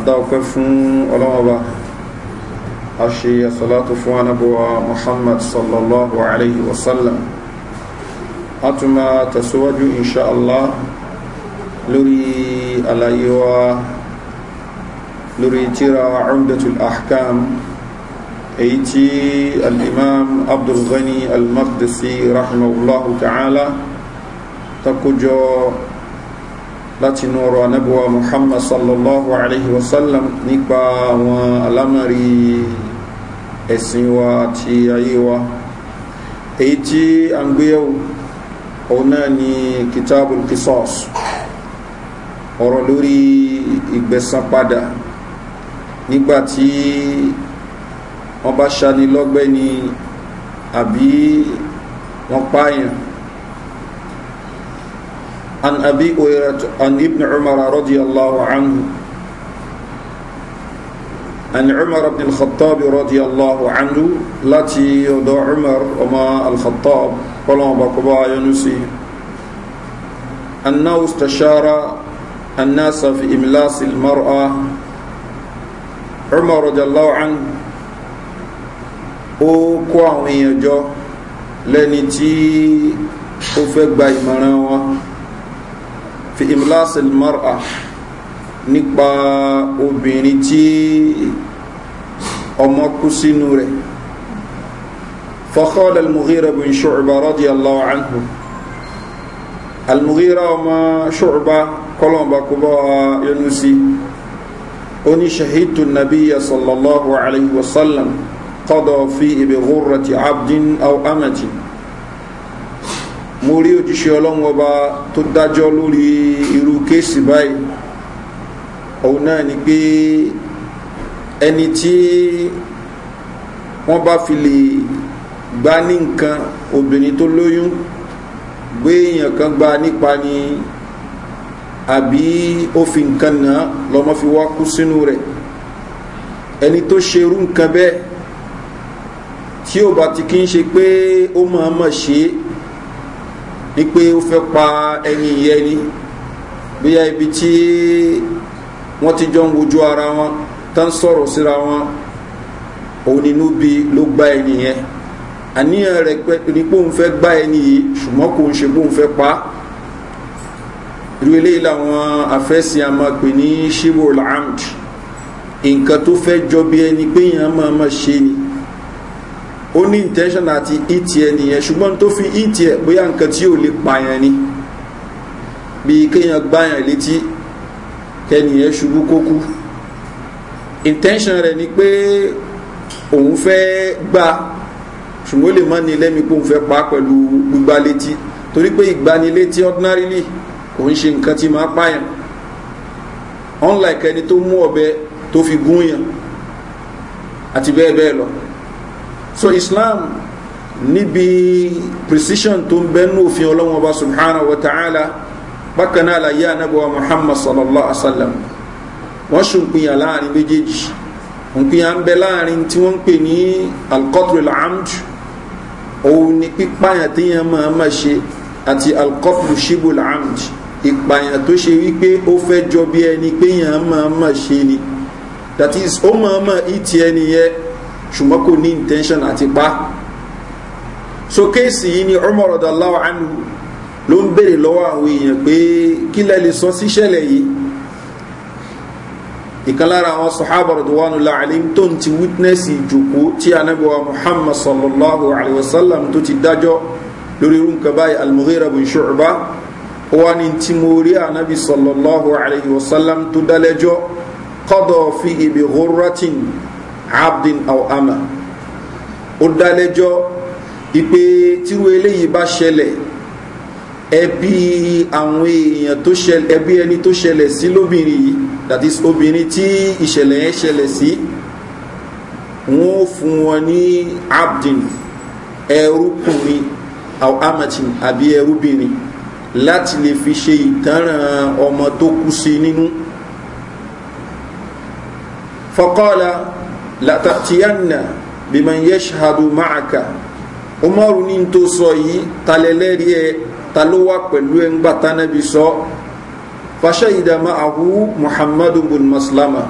adáwọ̀pẹ́ fún ọlọ́wọ́ba a ṣe àsọlátò fún anábọ̀wà muhammad sallallahu alayhi wa sallam a tún máa tẹ̀síwájú insha allah lórí àlàyé wa lórí tíra umdatul ahkam èyí tí al'imam abdulghani al-maqdisi rahimahullahu ta'ala takójọ́ láti inú ọ̀rọ̀ anábíwá muhammad sallallahu alayhi wa sallam nípa àwọn alámàrí ẹ̀sìn wa àti ayé wa èyí tí a ń gbéyàwó òun náà ni kitabul kisos ọ̀rọ̀ lórí ìgbẹ̀sán nígbàtí wọ́n bá ṣanilọ́gbẹ́ àbí wọ́n pààyàn عن أبي هريرة عن ابن عمر رضي الله عنه عن عمر بن الخطاب رضي الله عنه التي يدعو عمر وما الخطاب ولما بقبا ينسي أنه استشار الناس في إملاس المرأة عمر رضي الله عنه ó kó àwọn لنتي jọ lẹ́ni tí ó fi imlas almar'a nípa obìnrin tí ọmọ kú sínú rẹ̀ فقال المغيرة بن شعبة رضي الله عنه المغيرة وما شعبة قلوبا كبا ينسي أني شهدت النبي صلى الله عليه وسلم قضى فيه بغرة عبد أو أمة mo rí òjíṣẹ́ ọlọ́run ọba tó dájọ́ lórí irú kéèsì báyìí òun náà ni pé ẹni tí wọ́n bá fi lè gbá ní nǹkan obìnrin tó lóyún gbé èèyàn kan gba nípa ni àbí ó fi nǹkan náà lọ́mọ fi wá kú sínú rẹ̀ ẹni tó ṣerú nǹkan bẹ́ẹ̀ tí ò bá ti kí ń ṣe pé ó máa mọ̀ ṣe é ní pé ó fẹ́ pa ẹni ìyẹn ni bóyá ibi tí wọ́n ti jọ ń wojú ara wọn tá ń sọ̀rọ̀ síra wọn òun nínú bí ló gbá ẹni yẹn àníyàn rẹ̀ ni pé òun fẹ́ gbá ẹni yìí ṣùgbọ́n kò ń ṣe bóun fẹ́ pa á irú eléyìí làwọn afẹ́sìn a ní shibul amd nǹkan tó fẹ́ jọ bí ẹni pé èèyàn máa máa ṣe ni ó ní intention àti ìtì nìyẹn ṣùgbọ́n tó fi ìtì bóyá nǹkan tí ò lè pààyàn ni bíi kéèyàn gbáyàn létí kẹnìyẹn ṣubú kó kú intention rẹ̀ ni pé òun fẹ́ gbá ṣùgbọ́n ó lè mọ́ ni lẹ́mi pé òun fẹ́ pa pẹ̀lú gbígbá létí torí pé ìgbanilétí ordinarily kò ń ṣe nǹkan tí máa pààyàn unlike ẹni tó mú ọbẹ tó fi gún yàn àti bẹ́ẹ̀ bẹ́ẹ̀ lọ so islam níbi precision tó ń bẹnu òfin ọlọ́wọ́n ọba subhanahu wa ta'ala bákan náà láyé anábọ̀wá muhammad sallallahu alaihi wa sallam wọ́n ṣùnpìyàn láàrin méjèèjì òǹpìyàn ń bẹ láàrin tí wọ́n ń pè ní alkotri alhamd òun ni pípààyàn téèyàn máa ma ṣe àti alkotri shibu alhamd ìpààyàn tó ṣe wípé ó fẹ́ jọ bí ẹni péyàn máa ma ṣe ni that is ó máa ma ìtì ẹni yẹn ṣùgbọ́n kò ní intention àti pa so kéèsì yìí ni umar ọ̀dọ̀láwà ánú ló ń béèrè lọ́wọ́ àwọn èèyàn pé kí lẹ́ lè sọ sí ṣẹlẹ̀ yìí ìkan lára àwọn sọ̀hábà rọ̀dọ̀wánu láàrin tó ń ti witness ìjòkó tí anábíwá muhammad sallallahu alaihi wasallam tó ti dájọ́ lórí irú nǹkan báyìí almuhira bin shu'ba ó wá ní tí mo rí anábí sallallahu alaihi wasallam tó dálẹ́jọ́ kọ́dọ̀ fi ibi ghurratin abdin aw ama ó dálẹ́jọ́ ìpè tíru eléyìí bá ṣẹlẹ̀ ẹbí àwọn èèyàn tó ṣẹlẹ̀ ẹbí ẹni tó ṣẹlẹ̀ sí lóbìnrin yìí that is obìnrin tí ìṣẹ̀lẹ̀ yẹn ṣẹlẹ̀ sí wọn ò fún wọn ní abdin ẹrúkùnrin aw amatin àbí ẹrúbìnrin láti lè fi ṣe ìtanràn ọmọ tó kú sí nínú fọkọ́la látàtíyànà biman yashhadu ma'aka umaru ní tó sọ yìí talẹ́lẹ́rí ẹ ta ló wà pẹ̀lú ẹ ń gbà tánàbí sọ fashahida ma'ahu muhammadu bin maslama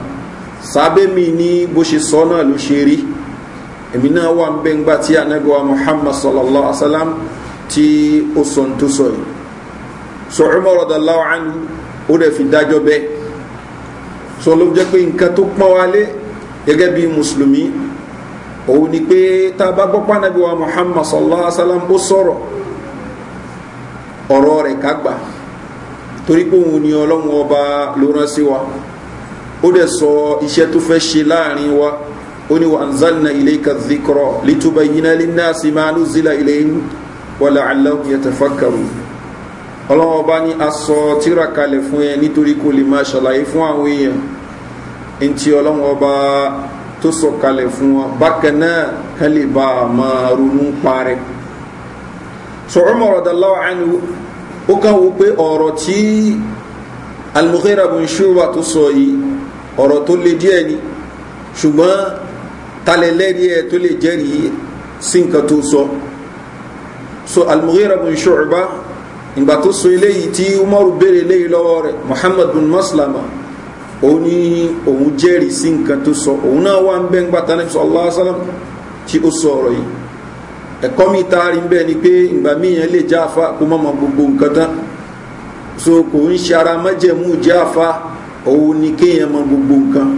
sábẹ́ mi ní bó ṣe sọ náà ló ṣe rí èmi náà wà ń bẹ́ ń gbà tí ànábì wa muhammad sallallahu alaihi wa sallam tí ó sọ ń tó sọ yìí so umar radallahu anhu ó dẹ̀ fi dájọ́ bẹ́ẹ̀ so ló jẹ́ pé nǹkan tó pọ́n wálé gẹ́gẹ́ bí mùsùlùmí òun ni pé tá a bá gbọ́ pànàbí wa muhammad sallallahu alaihi wa sallam ó sọ̀rọ̀ ọ̀rọ̀ rẹ̀ ká gbà torí pé òun ni ọlọ́run ọba ló rán sí wa ó dẹ̀ sọ iṣẹ́ tó fẹ́ ṣe láàrin wa ó ní wa anzalna ilayka dhikra litubayyina linnasi ma nuzila ilayhim wa la'allahum yatafakkarun ọlọ́run ọba ní a sọ tírà kalẹ̀ fún ẹ nítorí kó lè máa ṣàlàyé fún àwọn èèyàn ntí ọlọ́wọ́n ọba tó sọ̀kalẹ̀ fún wọn bákan náà kán máa ronú parẹ́ so Umar radallahu anhu ó kàn wò pé ọ̀rọ̀ tí Al-Mughira bin Shu'ba tó sọ yìí ọ̀rọ̀ tó le díẹ̀ ni ṣùgbọ́n talẹ̀lẹ́rí ẹ tó lè jẹ́rìí sí nǹkan tó sọ so Al-Mughira bin Shu'ba ìgbà tó sọ eléyìí tí Umaru béèrè eléyìí lọ́wọ́ rẹ̀ Muhammad Maslama òun ní òun jẹ́rìí sí nǹkan tó sọ òun náà wà ń bẹ́ ń gbàtà ní sallallahu alaihi wasallam tí ó sọ ọ̀rọ̀ yìí ẹ̀kọ́ mi taari ń bẹ́ ni pé ìgbà míyàn lè já afá kó mọ́mọ́ gbogbo nǹkan tán so kò ń ṣe ara mọ́jẹ̀mú já afá òun ni kéèyàn mọ gbogbo nǹkan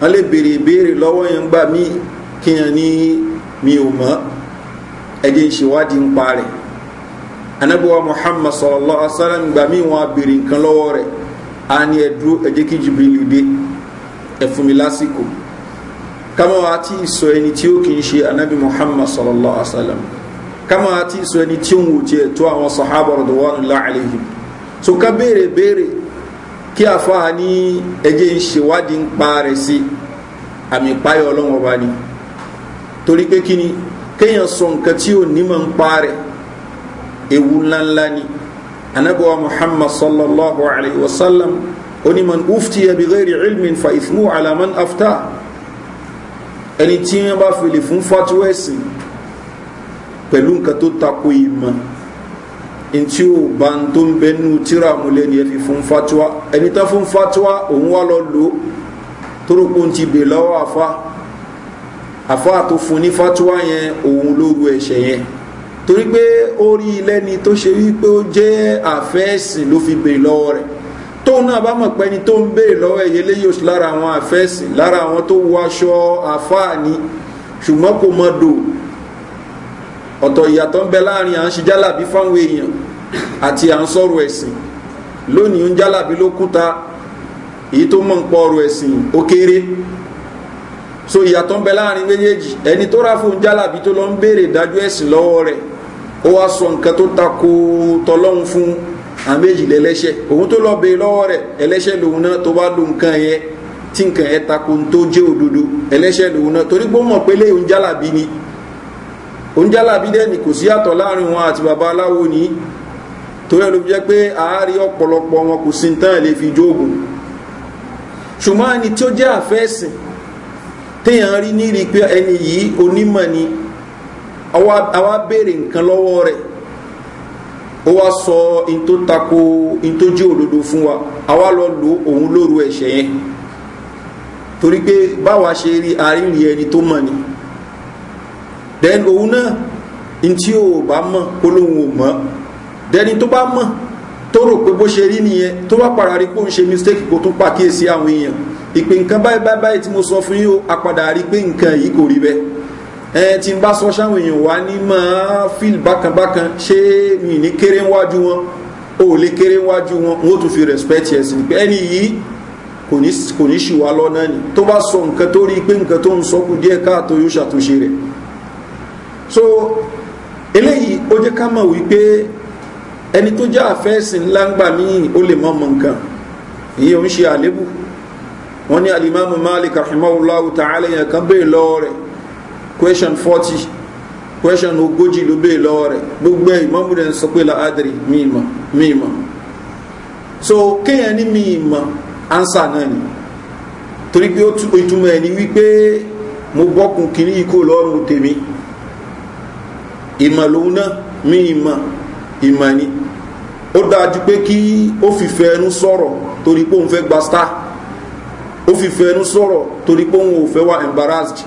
wọ́n lè béèrè ìbéèrè lọ́wọ́ yẹn gbà mí kéèyàn ní mi ò mọ̀ ẹ̀jẹ̀ ń ṣèwádìí ń pa anábíwá Muhammad sallallahu alaihi wasallam gbà mí wọn á béèrè nǹkan lọ́wọ́ rẹ̀ a ní ẹ̀dúró ẹ̀jẹ̀ kí Jibrilu dé kama wa ti sọ ẹni tí ó kì í anabi Muhammad sallallahu alaihi wa sallam kama wa ti sọ ẹni tí ó ń wò tiẹ̀ tó sahaba radwanullahi alaihim so ká béèrè béèrè kí àfáà ní ẹjẹ́ ń ṣèwádìí ń pa rẹ̀ sí àmì ìpáyọ̀ ọlọ́wọ́n bá ní ni kéèyàn sọ nǹkan tí ò ní mọ̀ ń pa ewu ńláńlá ni anabuwa muhammad sallallahu alaihi wasallam oni man uftiya bi ghairi ilmin fa ithmu ala man afta ẹni tí wọn bá fi lè fún fatuwa ẹsìn pẹ̀lú nǹkan tó tako ìmọ̀ ntí o bá ń tó ń bẹ nínú tíra múlẹ̀ ni ẹ fi fún fatuwa ẹni tán fún fatuwa òun wá lọ lò ó ti bè lọ́wọ́ àfa àfa tó fún ní fatuwa yẹn òun lóru ẹ̀ṣẹ̀ yẹn torí pé ó rí ilé ni tó ṣe wípé ó jẹ́ àfẹ́ẹ̀sìn ló fi béèrè lọ́wọ́ rẹ̀ tóun náà bá mọ̀ pé ẹni tó ń béèrè lọ́wọ́ ẹ̀yẹ léyìí oṣù lára àwọn àfẹ́ẹ̀sìn lára àwọn tó wọ aṣọ àfáà ni ṣùgbọ́n kò mọ dò ọ̀tọ̀ ìyàtọ̀ ń bẹ láàrin à ń ṣe jálàbí fáwọn èèyàn àti à ń sọ̀rọ̀ ẹ̀sìn lónìí ń jálàbí ló kúta èyí tó mọ̀ ń pọ̀ ẹ̀sìn ó kéré so ìyàtọ̀ ń bẹ láàrin méjèèjì ẹni tó ráfò ń jálàbí tó lọ ń béèrè ìdájọ́ ẹ̀sìn lọ́wọ́ rẹ̀ ó wá sọ nǹkan tó tako tọlọ́hun fún àwọn méjì lẹ́lẹ́ṣẹ̀ òun tó lọ bè lọ́wọ́ rẹ̀ ẹlẹ́ṣẹ̀ lòun náà tó bá lo nǹkan yẹn tí nǹkan yẹn tako tó jẹ́ òdodo ẹlẹ́ṣẹ̀ lòun náà torí pé mọ̀ pé lé òun ni òun jálàbí dẹ́ ni kò sí àtọ̀ láàrin wọn àti bàbá aláwo ni torí ẹ̀ ló jẹ́ pé àárí ọ̀pọ̀lọpọ̀ wọn kò sí tán lè fi jóògùn ṣùgbọ́n ẹni tí ó jẹ́ àfẹ́sìn téèyàn rí ní rí pé ẹni yìí onímọ̀ ni àwa béèrè nǹkan lọ́wọ́ rẹ̀ ó wá sọ in tó tako in tó jí òdodo wa àwa lọ lò òun lóru ẹ̀ṣẹ̀ yẹn torí pé báwa ṣe rí àrírí ẹni tó mọ̀ ni then òun náà in tí ò bá mọ̀ kó lóun ò mọ̀ dẹni tó bá mọ̀ tó rò pé bó ṣe rí nìyẹn tó bá para rí pé òun ṣe mistake kó tún pàkíyèsí àwọn èèyàn ìpè nǹkan báyìí báyìí tí mo sọ fún yín o apadà rí pé nǹkan yìí kò rí bẹ́ẹ̀ ẹn tí n bá sọ sáwọn èèyàn wá ní máa fíìl bákanbákan ṣé mi ní kéré wájú wọn ò lè kéré wájú wọn n ó tún fi respect ẹ̀ sí pé ẹni yìí kò ní ṣì wá lọ́nà ni tó bá sọ nǹkan tó rí pé nǹkan tó ń sọ kù díẹ̀ káàtó yóò ṣàtúnṣe rẹ̀ so eléyìí ó jẹ́ ká mọ̀ wípé ẹni tó jẹ́ àfẹ́sìn ńlá ń gbà míì ó lè mọ̀ mọ̀ nǹkan ìyẹn ò ń ṣe àlébù wọn ní alimami malik rahimahullahu ta'ala yẹn kan bẹ́ẹ̀ lọ́ọ́ rẹ̀ question forty question ogójì ló béè lọ́wọ́ rẹ̀ gbogbo ẹ̀ ìmọ̀mù rẹ̀ ń sọ pé la adìrì mi ìmọ̀ so kéèyàn ní mi ìmọ̀ ansa náà ni torí pé ìtumọ̀ ẹ̀ ni wípé mo bọ́kùn kìíní ikó lọ́rùn tèmi ìmọ̀ lòun náà mi ìmọ̀ ìmọ̀ ni ó dájú pé kí ó fìfẹ́ ẹnu sọ̀rọ̀ torí pé òun fẹ́ gba star ó fìfẹ́ ẹnu sọ̀rọ̀ torí pé òun ò fẹ́ wà embarrassed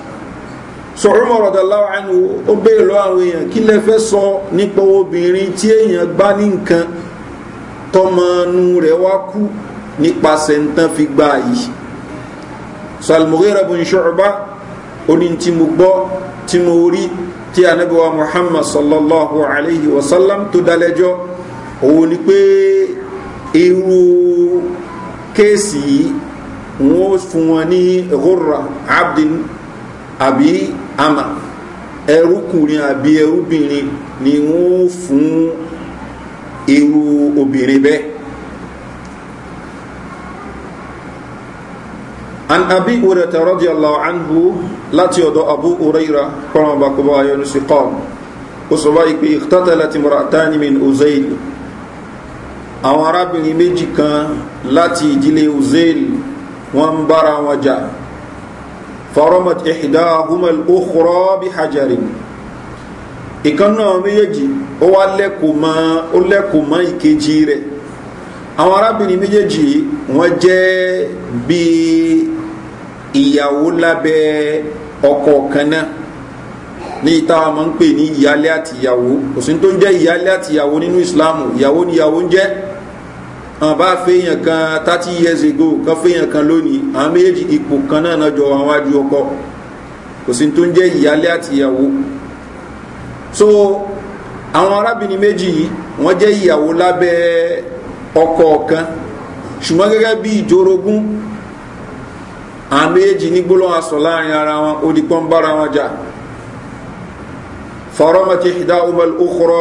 so Umar radallahu anhu ó béèrè lọ́wọ́ àwọn èèyàn kí lẹ fẹ́ sọ nípa obìnrin tí èèyàn gbá ní nǹkan tọmọnu rẹ̀ wá kú nípasẹ̀ nǹkan fi gbá yìí so al-Mughira bin Shu'ba oní tí mo gbọ́ tí mo rí tí Ànábì Muhammad sallallahu alayhi wa sallam tó dálẹ́jọ́ òun ni pé irú kéèsì yìí wọ́n fún wọn ní ghurra abdin àbí àmà ẹrúkùnrin àbí ẹrúbìnrin ni wọ́n fún irú obìnrin bẹ́ẹ̀. an abi urata radiyallahu anhu láti ọ̀dọ̀ abu uraira kọ́nà bakuba ayọ́nu sí kọ́m ó sọ báyìí pé ìtàtàlá ti mọ̀ra àtàní min uzail àwọn arábìnrin méjì kan láti ìdílé uzail wọ́n ń bára wọn jà faramat ihdahuma al-ukhra bi hajarin ìkan náà méjèèjì ó wá lẹ́kùn mọ́ ó lẹ́kùn mọ́ ìkejì rẹ̀ àwọn arábìnrin méjèèjì wọ́n jẹ́ bí ìyàwó lábẹ́ ọkọ kan ní ìta máa ń pè ní ìyálé àtìyàwó kò tó ń jẹ́ ìyálé àtìyàwó nínú ìsìláàmù ìyàwó ni ìyàwó ń jẹ́ àwọn bá fẹ́yàn kan thirty years ago kan fẹ́yàn kan lónìí àwọn méjèèjì ipò kan náà náà jọ àwọn ajú ọkọ kò sí tó ń jẹ́ ìyálé àti ìyàwó so àwọn arábìnrin méjì yìí wọ́n jẹ́ ìyàwó lábẹ́ ọkọ ọ̀kan ṣùgbọ́n gẹ́gẹ́ bí ìjórogún àwọn méjì ní gbólóhùn asọ̀ láàrin ara wọn ó di pọ́n bára wọn jà fọ́rọ́mọ̀tì ìdá omal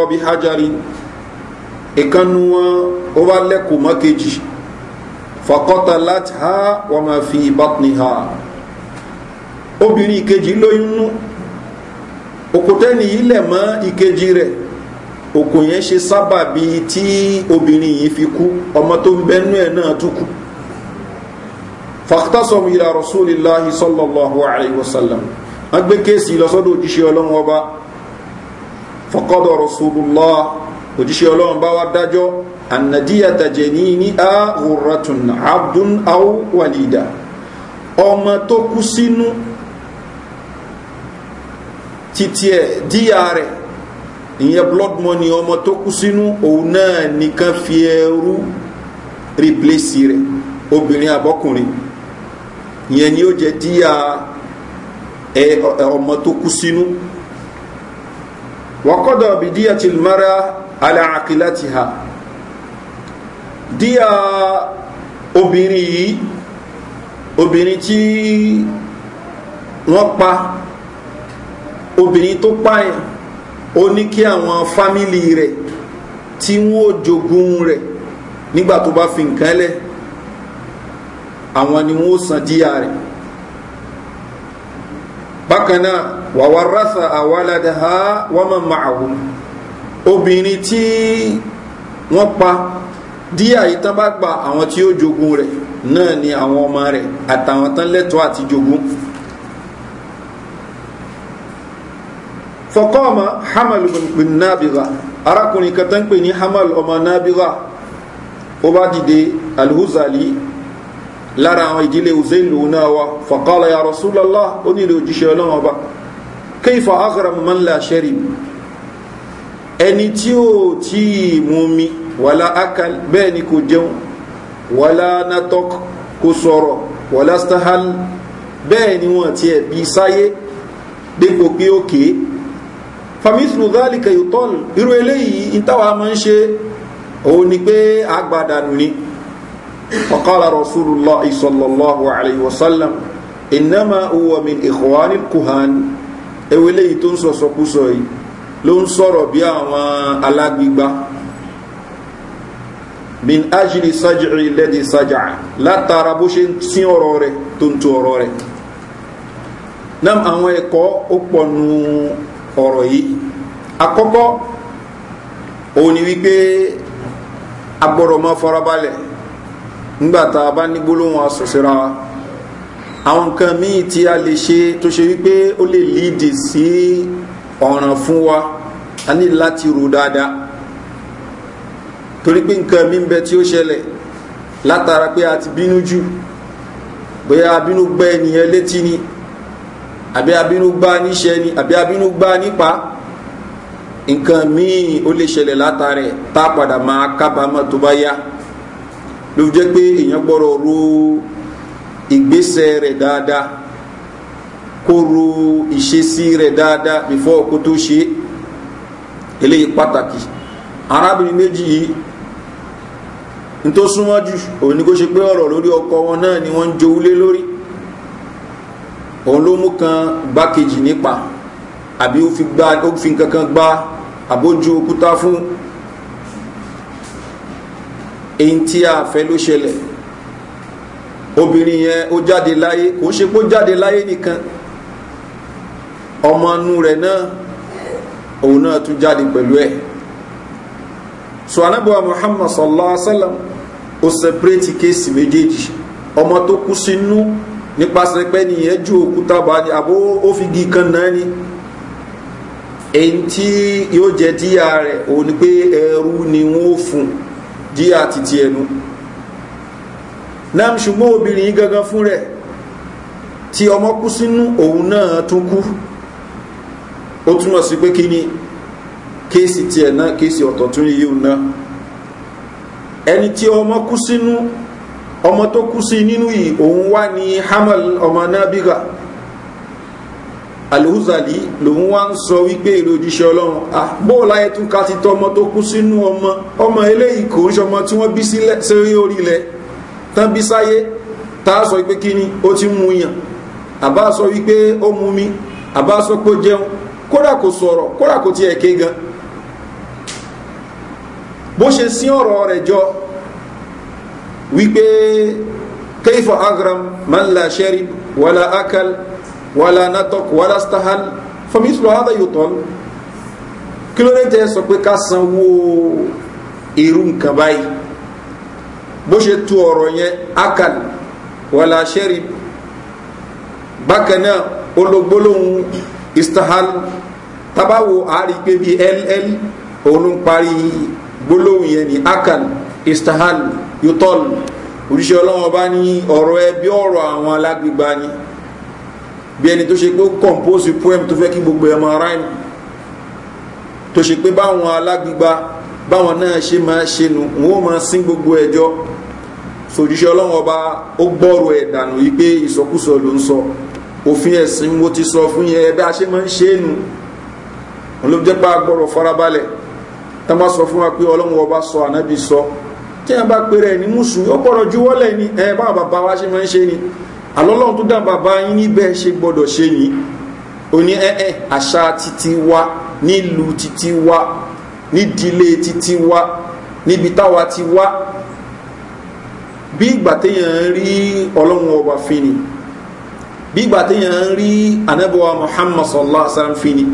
bí hajari ìkanu wọn ó wá lẹ́kùn mọ́ kejì fọkọ́tà láti ha wọ́n máa fi ìbátni ha obìnrin ìkejì lóyún nú òkútẹ́ni yìí lẹ̀ mọ́ ìkejì rẹ̀ òkun yẹn ṣe sábà bí tí obìnrin yìí fi kú ọmọ tó ń bẹnú ẹ náà tún kú fàtàsọmù ìlà rasulillahi sallallahu alayhi wa sallam wọn gbé kéèsì lọsọdọ òjíṣẹ ọlọrun ọba òjíṣẹ́ ọlọ́run bá wá dájọ́ ànàdíyàtà jẹ̀ní ní àhùratùn abdun awwalida ọmọ tó kú sínú títí ẹ̀ díyà rẹ̀ ìyẹn blood money ọmọ tó kú sínú òun náà nìkan fi ẹrú replace rẹ̀ obìnrin àbọ́kùnrin ìyẹn ni ó jẹ́ díyà ọmọ tó kú sínú wọ́kọ́dọ̀ bìdíyà ala aqilatiha díà obìnrin yìí obìnrin tí wọ́n pa obìnrin tó pààyàn ó ní kí àwọn fámìlì rẹ̀ tí wọ́n ó jogún rẹ̀ nígbà tó bá fi nǹkan lẹ̀ àwọn ni wọ́n san díà rẹ̀ bákan náà wàwárásà àwáládàá wọ́n mọ̀ máa wọ́n obìnrin tí wọ́n pa díà yìí tán bá gba àwọn tí ó jogun rẹ̀ náà ni àwọn ọmọ rẹ̀ àtàwọn tán lẹ́tọ̀ọ́ àti jogun fọkọ́ọ̀mọ́ hamal bin nabila arákùnrin kan tán pè ní hamal ọmọ nabila ó bá dìde alhuzali lára àwọn ìdílé uzelu náà wa fọkọ́ọ̀lá ya rasulallah ó nílò òjíṣẹ́ ọlọ́wọ́ ọba kéfà aghram ẹni tí ó tí ì mú mi wàlá akal bẹ́ẹ̀ ni kò jẹun wàlá natok kò sọ̀rọ̀ wàlá stahal bẹ́ẹ̀ ni wọ́n ti ẹ̀ bí sáyé dépò pé ó kéé famithlu dhalika yutol irú eléyìí ìtawà máa ń ṣe òun ni pé agbádànù ni ọ̀kọ́lá rasulullah isallallahu alayhi wa sallam innama huwa min tó ń sọ̀sọ̀kúsọ̀ yìí ló ń sọ̀rọ̀ bí àwọn alágbígbá bin ajili sajiri lẹ́dí sajá látara bó ṣe sí ọ̀rọ̀ rẹ̀ tó ń tu ọ̀rọ̀ rẹ̀ náà àwọn ẹ̀kọ́ ó pọ̀nù ọ̀rọ̀ yìí akọ́kọ́ òun ni wípé agbọ́dọ̀ máa farabalẹ̀ nígbàtà bá ní gbólóhùn asọ̀síra àwọn nǹkan míì tí a lè ṣe tó ṣe wípé ó lè sí ọ̀ràn fún wa a ní láti rò dáadáa torí pé nǹkan mi ń bẹ tí ó ṣẹlẹ̀ látara pé a ti bínú jù bóyá abínú gbẹ ènìyàn létí ni àbí abínú gbá níṣẹ́ ni àbí abínú gbá nípa nǹkan míì ó lè ṣẹlẹ̀ látara ẹ̀ tá a padà máa kábàámọ̀ tó bá yá ló jẹ́ pé èèyàn gbọ́dọ̀ ro ìgbésẹ̀ rẹ̀ dáadáa kó ro ìṣesí rẹ̀ dáadáa before kó tó ṣe eléyìí pàtàkì arábìnrin méjì yìí n tó súnmọ́ jù òun ni kó ṣe pé ọ̀rọ̀ lórí ọkọ wọn náà ni wọ́n ń jowúlé lórí òun ló mú kan gbákejì nípa àbí ó fi gbá ó fi kankan gbá àbójú òkúta fún èyí tí a fẹ́ ló ṣẹlẹ̀ obìnrin yẹn ó jáde láyé kò ṣe pé jáde láyé nìkan ọmọ anú rẹ̀ náà òun náà tún jáde pẹ̀lú ẹ̀ so anábọ̀wá muhammad sallallahu alaihi wa sallam ó kéèsì méjèèjì ọmọ tó kú sínú nípasẹ̀ pé nìyẹn ju òkúta bá ní àbó ó fi kan náà ni èyí tí yóò jẹ díyà rẹ òun ni ni fún díyà títí ẹnu náà ṣùgbọ́n gangan fún rẹ̀ tí ọmọ kú sínú òun náà tún ó túmọ̀ sí pé kí ni kéèsì tiẹ̀ náà kéèsì ọ̀tọ̀ tún ní yíò náà ẹni tí ọmọ kú sínú ọmọ tó kú sí nínú yìí òun wá ní hamal ọmọ nábígà alhuzali lòun wá ń sọ wípé ìròjíṣẹ́ ọlọ́run àbóòlá ẹtún ká ti tọ́ ọmọ tó kú sínú ọmọ ọmọ eléyìí kò ń ṣọmọ tí wọ́n bí sí orí ilẹ̀ tán bí sáyé tá a sọ wípé kí ni ó ti mú yàn àbá sọ wípé ó mú mi àbá sọ pé ó jẹun kódà kò sọ̀rọ̀ kódà kò tiẹ̀ ké gan bó ṣe sí ọ̀rọ̀ rẹ̀ jọ wípé kaifa agram man la sherib wala akal wala natok wala stahal fọmísùlù hádà yóò tọ́lù kí ló dé tẹ́ sọ pé ká sanwó irú nǹkan báyìí bó ṣe tu ọ̀rọ̀ yẹn akal wala sherib bákan náà ológbólóhùn istahal tabawo àárí pé bíi ll òun ló ń parí yẹn ní akal istahal yutol oríṣi ọlọ́wọ́n bá ní ọ̀rọ̀ ẹ bí ọ̀rọ̀ àwọn alágbègbà ni bí ẹni tó ṣe pé ó compose poem tó fẹ́ kí gbogbo ẹ̀ máa ráìmù tó ṣe pé báwọn alágbègbà báwọn náà ṣe máa ṣe nù wọn ó máa sín gbogbo ẹjọ́ sòjíṣẹ́ ọlọ́wọ́n ọba ó gbọ́rọ̀ ẹ̀ dànù yìí pé ìsọkúsọ ló ń sọ. So òfin ẹ̀sìn mo ti sọ fún yẹn ẹbẹ́ a ṣe máa ń ṣe é nu òun ló jẹ́ pé agbọ́rọ̀ farabalẹ̀ tá má sọ fún wa pé ọlọ́run ọba sọ ànábì sọ tí a bá pèrè ẹ̀ ní mùsùn yóò gbọ́dọ̀ juwọ́lẹ̀ ni ẹ bá bàbá wa ṣe máa ń ṣe ni àlọ́lọ́run tó dá bàbá yín níbẹ̀ ṣe gbọ́dọ̀ ṣe ni ó ní ẹ̀ẹ́ àṣà titi wa nílùú titi wa nídìílé titi wa níbi táwa ti wá bí ìgbà téèyàn rí ọlọ́run ọba fi ni bí ìgbà tí yàn ń rí anábọ̀wá muhammad sallallahu alaihi wasallam fi ni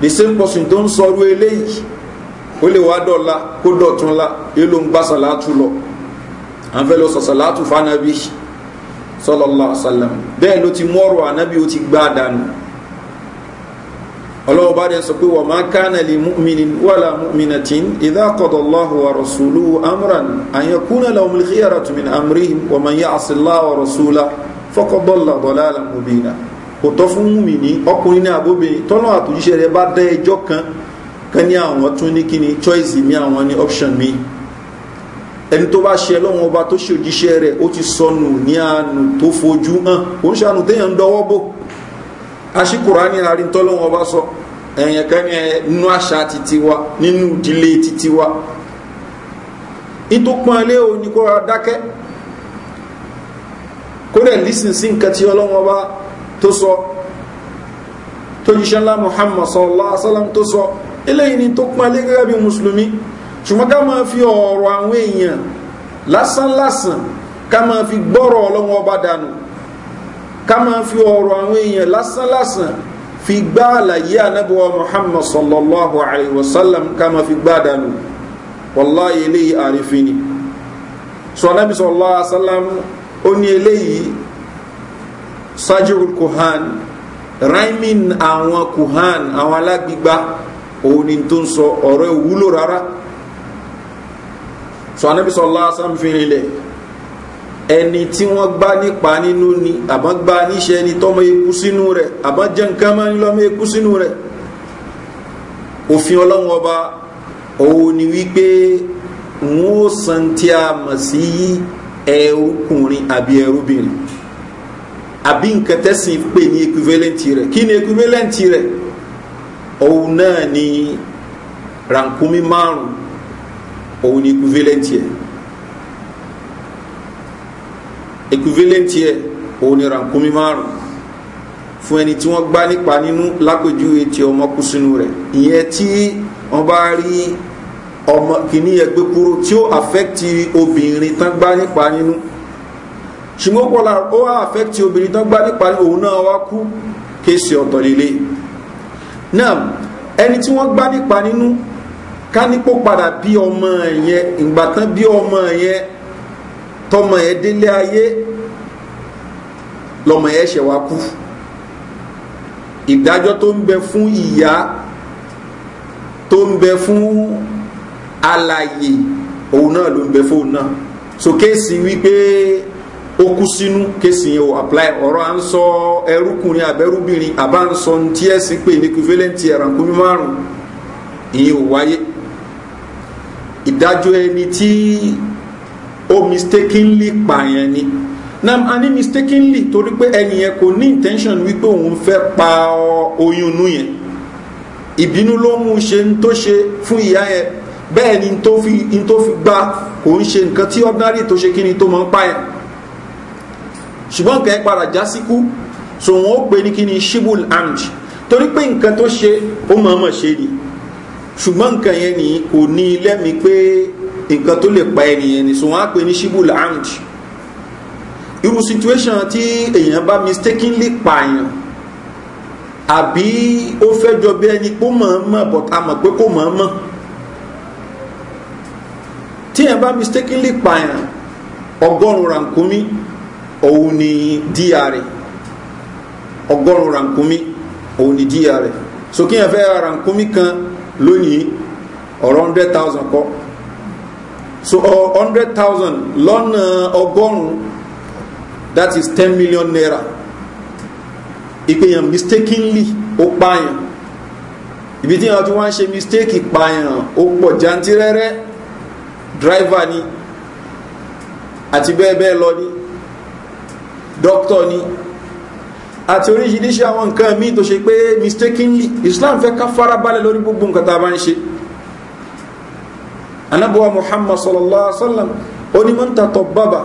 the same person tó ń sọrú eléyìí ó lè wá dọ̀la kó dọ̀tún la èló ń gbá sàlátù lọ à ń fẹ́ lọ sọ sàlátù fanabi sallallahu alaihi wasallam bẹ́ẹ̀ ló ti mú ọ̀rọ̀ anábì ó ti gbá dànù ọlọ́wọ́ bá dẹ̀ sọ pé wà máa kánà lè múmìnì wàlà múmìnàtín ìdákọ̀dọ̀láhù wa rasulu amran àyẹ̀kúnà lọ́wọ́ kíyàrá tùmìn amrihim wà máa yá àsìlá wa rasula fọ́kọ̀dọ̀lá dọ̀lá mubina kò tọ́ fún múmìnì ọkùnrin ní àbóbe tọ́nà àtúnṣe rẹ̀ bá dá ẹjọ́ kan kan ní àwọn tún ní kíni choice tó bá ṣe lọ́wọ́n ọba tó ṣe òjíṣẹ́ rẹ̀ aṣíkùrá ní àríntọ́lọ́wọ́ bá sọ ẹ̀yìn kan ní nínú àṣà títí wa nínú ìdílé títí wa ìtòpọn ilé o ní kó ra dákẹ́ kó dẹ̀ lísìn sí nǹkan tí ọlọ́wọ́ bá tó sọ tó jíṣẹ́ ńlá muhammad sallallahu alaihi wasallam tó sọ eléyìí ni tó pọn ilé gẹ́gẹ́ bí mùsùlùmí fi ọ̀rọ̀ àwọn èèyàn lásán lásán ká fi gbọ́rọ̀ ọlọ́wọ́ bá dànù ká máa fi ọ̀rọ̀ àwọn èèyàn lásánlásán fi gbá àlàyé anábíwá muhammad sallallahu alayhi wa sallam ká máa fi gbá dànù wàláyé eléyìí àrífin ni sọ anábí sallallahu alayhi wa sallam ó ní eléyìí sajirul kuhan raimin àwọn kuhan àwọn alágbígbá òun ni tó ń sọ ọ̀rọ̀ ìwúlò rárá sọ anábí sallallahu alayhi wa sallam fi rinlẹ̀ ẹni tí wọ́n gbá nípa nínú ni àmọ́ gbá níṣẹ́ ẹni tọ́mọ eku sínú rẹ̀ àmọ́ jẹ́ nǹkan máa ń lọ́mọ eku sínú rẹ̀ òfin ọlọ́run ọba òun ni wípé wọ́n ó san tí a mọ̀ sí ẹrúkùnrin àbí ẹrúbìnrin àbí nǹkan tẹ́sìn pè ní rẹ̀ kí ni equivalent rẹ̀ òun náà ni rankumi márùn-ún ni equivalent yẹ òun ni rankumi márùn fún ẹni tí wọ́n gbá nípa nínú lápèjúwe tí ọmọ kú sínú rẹ̀ ìyẹn tí wọ́n bá rí ọmọ kìíní yẹn gbé kúrò tí ó àfẹ́kti obìnrin tán gbá nípa nínú ṣùgbọ́n pọ̀lá ó wá àfẹ́kti obìnrin tán gbá nípa nínú òun náà wá kú kéèsì ọ̀tọ̀ lélẹ̀ náà ẹni tí wọ́n gbá nípa nínú ká nípò padà bí ọmọ yẹn ìgbà tán bí ọmọ yẹn tọmọ ẹ délé ayé lọmọ ẹ ṣẹ̀ wá kú ìdájọ́ tó ń bẹ fún ìyá tó ń bẹ fún alàyè òun náà ló ń bẹ fóun náà so kéèsì wípé ó kú sínú kéèsì yẹn ò apply ọ̀rọ̀ à ń sọ ẹrúkùnrin àbẹ́rúbìnrin àbá ń sọ tí ẹ sì pé ní equivalent ẹ̀rànkúnmí márùn-ún ìyẹn ò wáyé ìdájọ́ ẹni tí ó mistakenly pààyàn ni nam ani mistakenly torí pé ẹni yẹn kò ní intention wípé òun fẹ́ pa oyún inú yẹn ìbínú ló mú ṣe ń tó ṣe fún ìyá yẹn bẹ́ẹ̀ ni tó fi gbá kò ń ṣe nǹkan tí ordinary tó ṣe kíni tó mọ́ ń pààyàn ṣùgbọ́n nǹkan ẹ̀ padà já síkú so wọn ó pe ní kíni shibul amj torí pé nǹkan tó ṣe ó mọ̀ọ́mọ̀ ṣe ni ṣùgbọ́n nǹkan yẹn ni kò ní lẹ́mìí pé nǹkan tó lè pa ẹnìyẹn ni so wọ́n á pè ní shibul amd irú situation tí èèyàn bá mistakenly pààyàn àbí ó fẹ́ jọ bí ẹni pó mọ̀ọ́mọ̀ but a mọ̀ pé kò mọ̀ọ́mọ̀ tí èèyàn bá mistakenly pààyàn ọgọ́rùn-ún rànkúmí òun ni díà rẹ̀ ọgọ́rùn-ún òun ni díà so kí èèyàn fẹ́ ra kan lónìí ọ̀rọ̀ hundred thousand kọ́ so uh, hundred thousand lọ́nà ọgọ́rùn-ún that is ten million naira ìpèyàn mistakenly ó pààyàn ibi tí wọn ti wá ń ṣe mistake ìpààyàn ó pọ̀ jantirẹ́rẹ́ driver ni àti bẹ́ẹ̀ bẹ́ẹ̀ lọ ni doctor ni àti oríṣiríṣi àwọn nǹkan míì tó ṣe pé mistakenly islam fẹ́ ká farabalẹ̀ lórí gbogbo nǹkan tá a bá ń ṣe anabuwa muhammad sallallahu alaihi wasallam onímọ̀ tàtọ̀ bàbà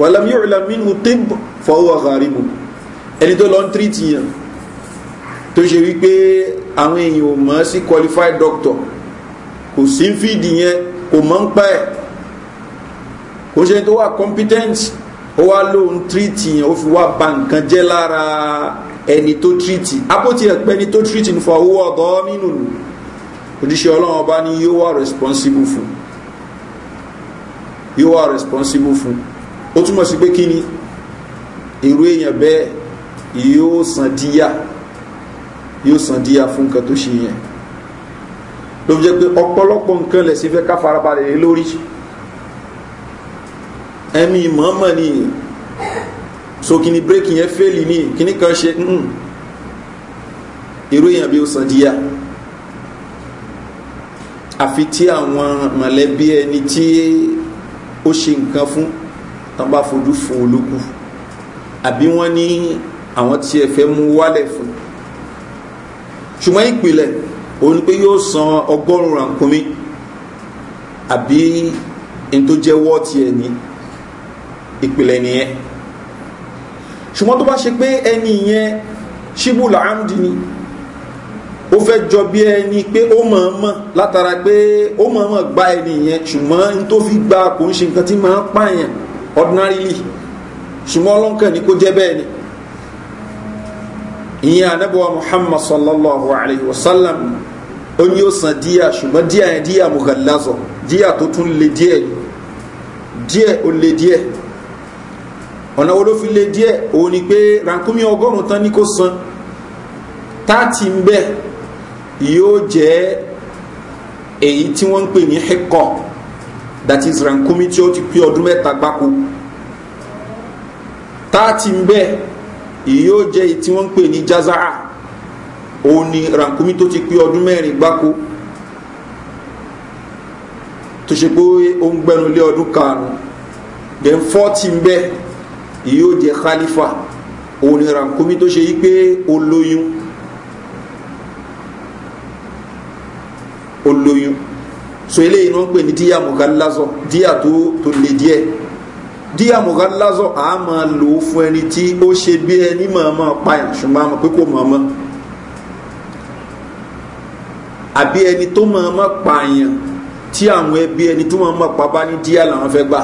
wàlám yóò rìlà mínú tíb fọwọ́ àgbàríbù ẹni tó lọ ń tírìtì yàn tó ṣe wípé àwọn èèyàn ò mọ̀ sí qualified doctor kò sí ń fìdí yẹn kò mọ̀ ń pa ẹ̀ kò ṣe tó wà competent ó wá ló ń tírìtì yàn ó fi wá ba nǹkan jẹ́ lára ẹni tó tírìtì apótí ẹ̀pẹ́ ẹni tó tírìtì ní fọwọ́ ọ̀dọ́ mínú nù òjíṣẹ́ ọlọ́wọ́n bá ní yóò wà responsible fún yóò wà responsible fún ó túmọ̀ sí pé kí ni irú èèyàn bẹ́ẹ̀ yóò san díyà yóò san díyà fún nǹkan tó ṣe yẹn ló fi jẹ́ pé ọ̀pọ̀lọpọ̀ nǹkan lẹ̀ sí fẹ́ ká farabalẹ̀ lórí ẹ̀mí mọ̀ọ́mọ̀ ni so kí ni bírèkì yẹn fẹ́ẹ̀lì ni kí ni kan ṣe irú èèyàn bí ó san díyà àfi tí àwọn mọ̀lẹ́bí ẹni tí ó ṣe nǹkan fún tán bá fojú fún olókù àbí wọ́n ní àwọn tí ẹ fẹ́ mú wálẹ̀ fún ṣùgbọ́n ìpìlẹ̀ òun ni pé yóò san ọgọ́rùn-ún rànkúnmí àbí n tó jẹ́ wọ́ọ̀tì ẹ̀ ní ìpìlẹ̀ nìyẹn ṣùgbọ́n tó bá ṣe pé ẹni yẹn ṣíbùlà ámdì ni. Ipileni, ó fẹ́ jọ bí ẹni pé ó mọ̀ ọ́n mọ̀ látara pé ó mọ̀ ọ́n gba ẹni yẹn ṣùgbọ́n n tó fi gba kò ń ṣe nǹkan tí máa ń pààyàn ordinarily ṣùgbọ́n ọlọ́nkàn ni kò jẹ́ bẹ́ẹ̀ ni ìyẹn anábọ̀wá muhammad sallallahu alayhi wa sallam ó ní ó san díà ṣùgbọ́n díà yẹn díà mughalazọ díà tó tún le díẹ̀ díẹ̀ ó le díẹ̀ ọ̀nà wo ló fi le díẹ̀ òun ni pé rankumi ọgọ́rùn-ún tán ní kò san táàtì ń bẹ́ẹ̀ yóò jẹ́ èyí tí wọ́n ń pè ní hekọ́ that is rankumi tí ó ti pé ọdún mẹ́ta gbáko táàtì ń bẹ́ yóò jẹ́ èyí tí wọ́n ń pè ní jazaa òun ni rankumi tó ti pé ọdún mẹ́rin gbáko tó ṣe pé ó ń gbẹnu lé ọdún karùn then fọ́ọ̀tì ń bẹ́ yóò jẹ́ khalifa òun ni rankumi tó ṣe yí pé ó ó so eléyìí náà ń pè ní díyà mọ̀gálásọ díyà tó tó le díẹ̀ díyà mọ̀gálásọ a máa lò ó fún ẹni tí ó ṣe bí ẹni mọ̀ọ́mọ́ payàn ṣùgbọ́n àmọ́ pé kò mọ̀ọ́mọ́ àbí ẹni tó mọ̀ọ́mọ́ payàn tí àwọn ẹbí ẹni tó mọ̀ọ́mọ́ pa bá ní díyà làwọn fẹ́ gbà.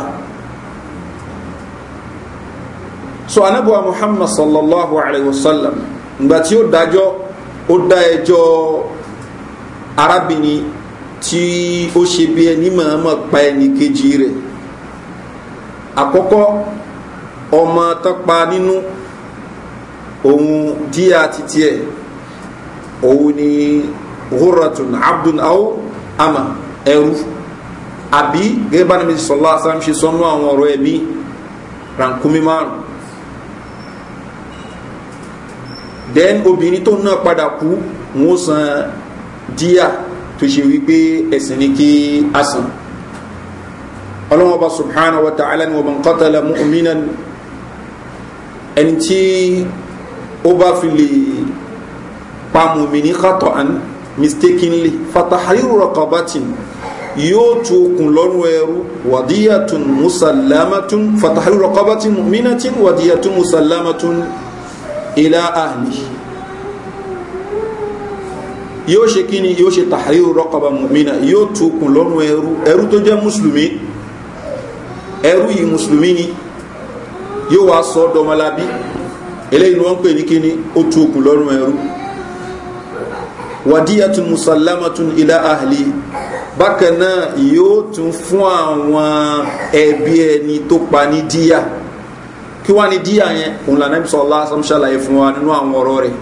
so anabuwa muhammad sallallahu alayhi wa sallam ngbà tí ó dájọ́ ó dá ẹjọ́ arábìnrin tí ó ṣe bí ẹni mọ̀ọ́mọ̀ pa ẹnì kejì rẹ̀ àkọ́kọ́ ọmọ tọ́pa nínú òun díà títí ẹ̀ òun ni hurratun abdul ama ẹrú àbí gẹ́gẹ́ bá níbi sọ̀lá sáà ń ṣe sọ́nú àwọn ọ̀rọ̀ ẹ̀mí rankumi márùn then obìnrin tó náà padà kú wọ́n san díà tó ṣe wípé ẹ̀sìn ní kí a san ọlọ́wọ́n bá subhanahu wa ta'ala ni wọ́n qatala mu'minan ẹni tí ó bá fi lè pa mùmíní khata'an mistakenly fatahriru raqabatin yóò tú okùn lọ́rùn ẹrú wàdíyàtún musallamatun fatahriru raqabatin mu'minatin wàdíyàtún musallamatun ila ahlihi yóò ṣe kíni yóò ṣe tàhírù rọ́kọ̀bà mùmínà yóò tukùn lọ́rùn ẹrú ẹrú tó jẹ́ mùsùlùmí ẹrú yìí mùsùlùmí ni yóò wá sọ dọmọlábí eléyìí ni wọ́n ń pè ní kíni ó tukùn lọ́rùn ẹrú wàdíyàtun musallamatun ilá ahli bákan náà yóò tún fún àwọn ẹbí ẹni tó pa ní díyà kí wá ní díyà yẹn òun lànà ìbísọ̀ ọlá sàmúṣàlàyé fún wa nínú àwọn ọ̀rọ̀ rẹ̀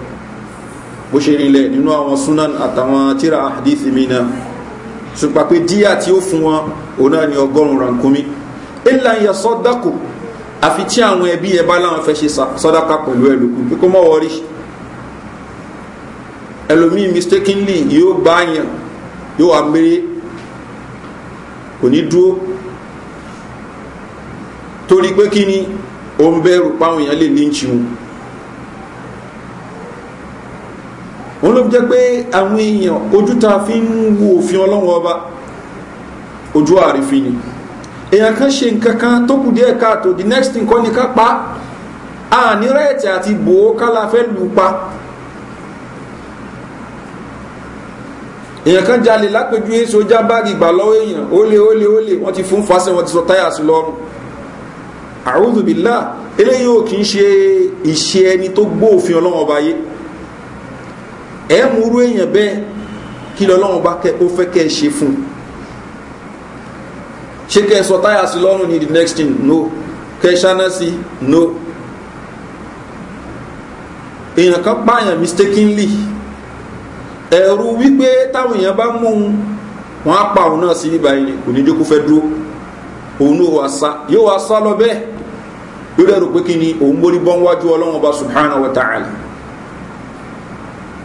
bó ṣe rinlẹ̀ nínú àwọn sunan àtàwọn tíra hadith mi náà ṣùgbọ́n pé díyà tí ó fún wọn òun náà ni ọgọ́rùn-ún rankumi ilà ń yẹ sọ́dákù àfi tí àwọn ẹbí ẹ bá láwọn fẹ́ ṣe sọ́dáka pẹ̀lú ẹlòkù pé kó mọ̀ wọrí mistakenly yóò gbá yàn yóò wà méré kò ní dúró torí pé kí ni òun bẹ̀rù páwọn èèyàn lè ní ìtìwọ̀n wọn ló fi jẹ́ pé àwọn èèyàn ojú ta fi ń wo òfin ọlọ́wọ́ ọba ojú àrífin ni èèyàn kan ṣe nǹkan kan tó kù díẹ̀ káàtó the next thing kọ́ ni ká pa á ní rẹ́ẹ̀tì àti bòó kálá fẹ́ lù ú pa èèyàn kan jalè lápẹjú èso já báàgì gbà lọ́wọ́ èèyàn ólé ólé ólé wọ́n ti fún fásẹ̀ wọ́n ti sọ táyà sí lọ́rùn àrùdùbílà eléyìí ò kì í ṣe ìṣe ẹni tó gbó òfin ọlọ́wọ́n ọba yìí ẹ mú irú èèyàn bẹ́ẹ̀ kí lọ́lọ́run bá kẹ ó fẹ́ kẹ́ ẹ ṣe fún next thing no kẹ́ ẹ no èèyàn kan pààyàn mistakenly ẹ̀rù wípé táwọn èèyàn bá mú un wọ́n á pa òun náà sí bíbá yìí kò ní jókòó fẹ́ dúró lọ bẹ́ẹ̀ yóò pé kí ni òun mórí bọ́ ọlọ́run ọba subhanahu wa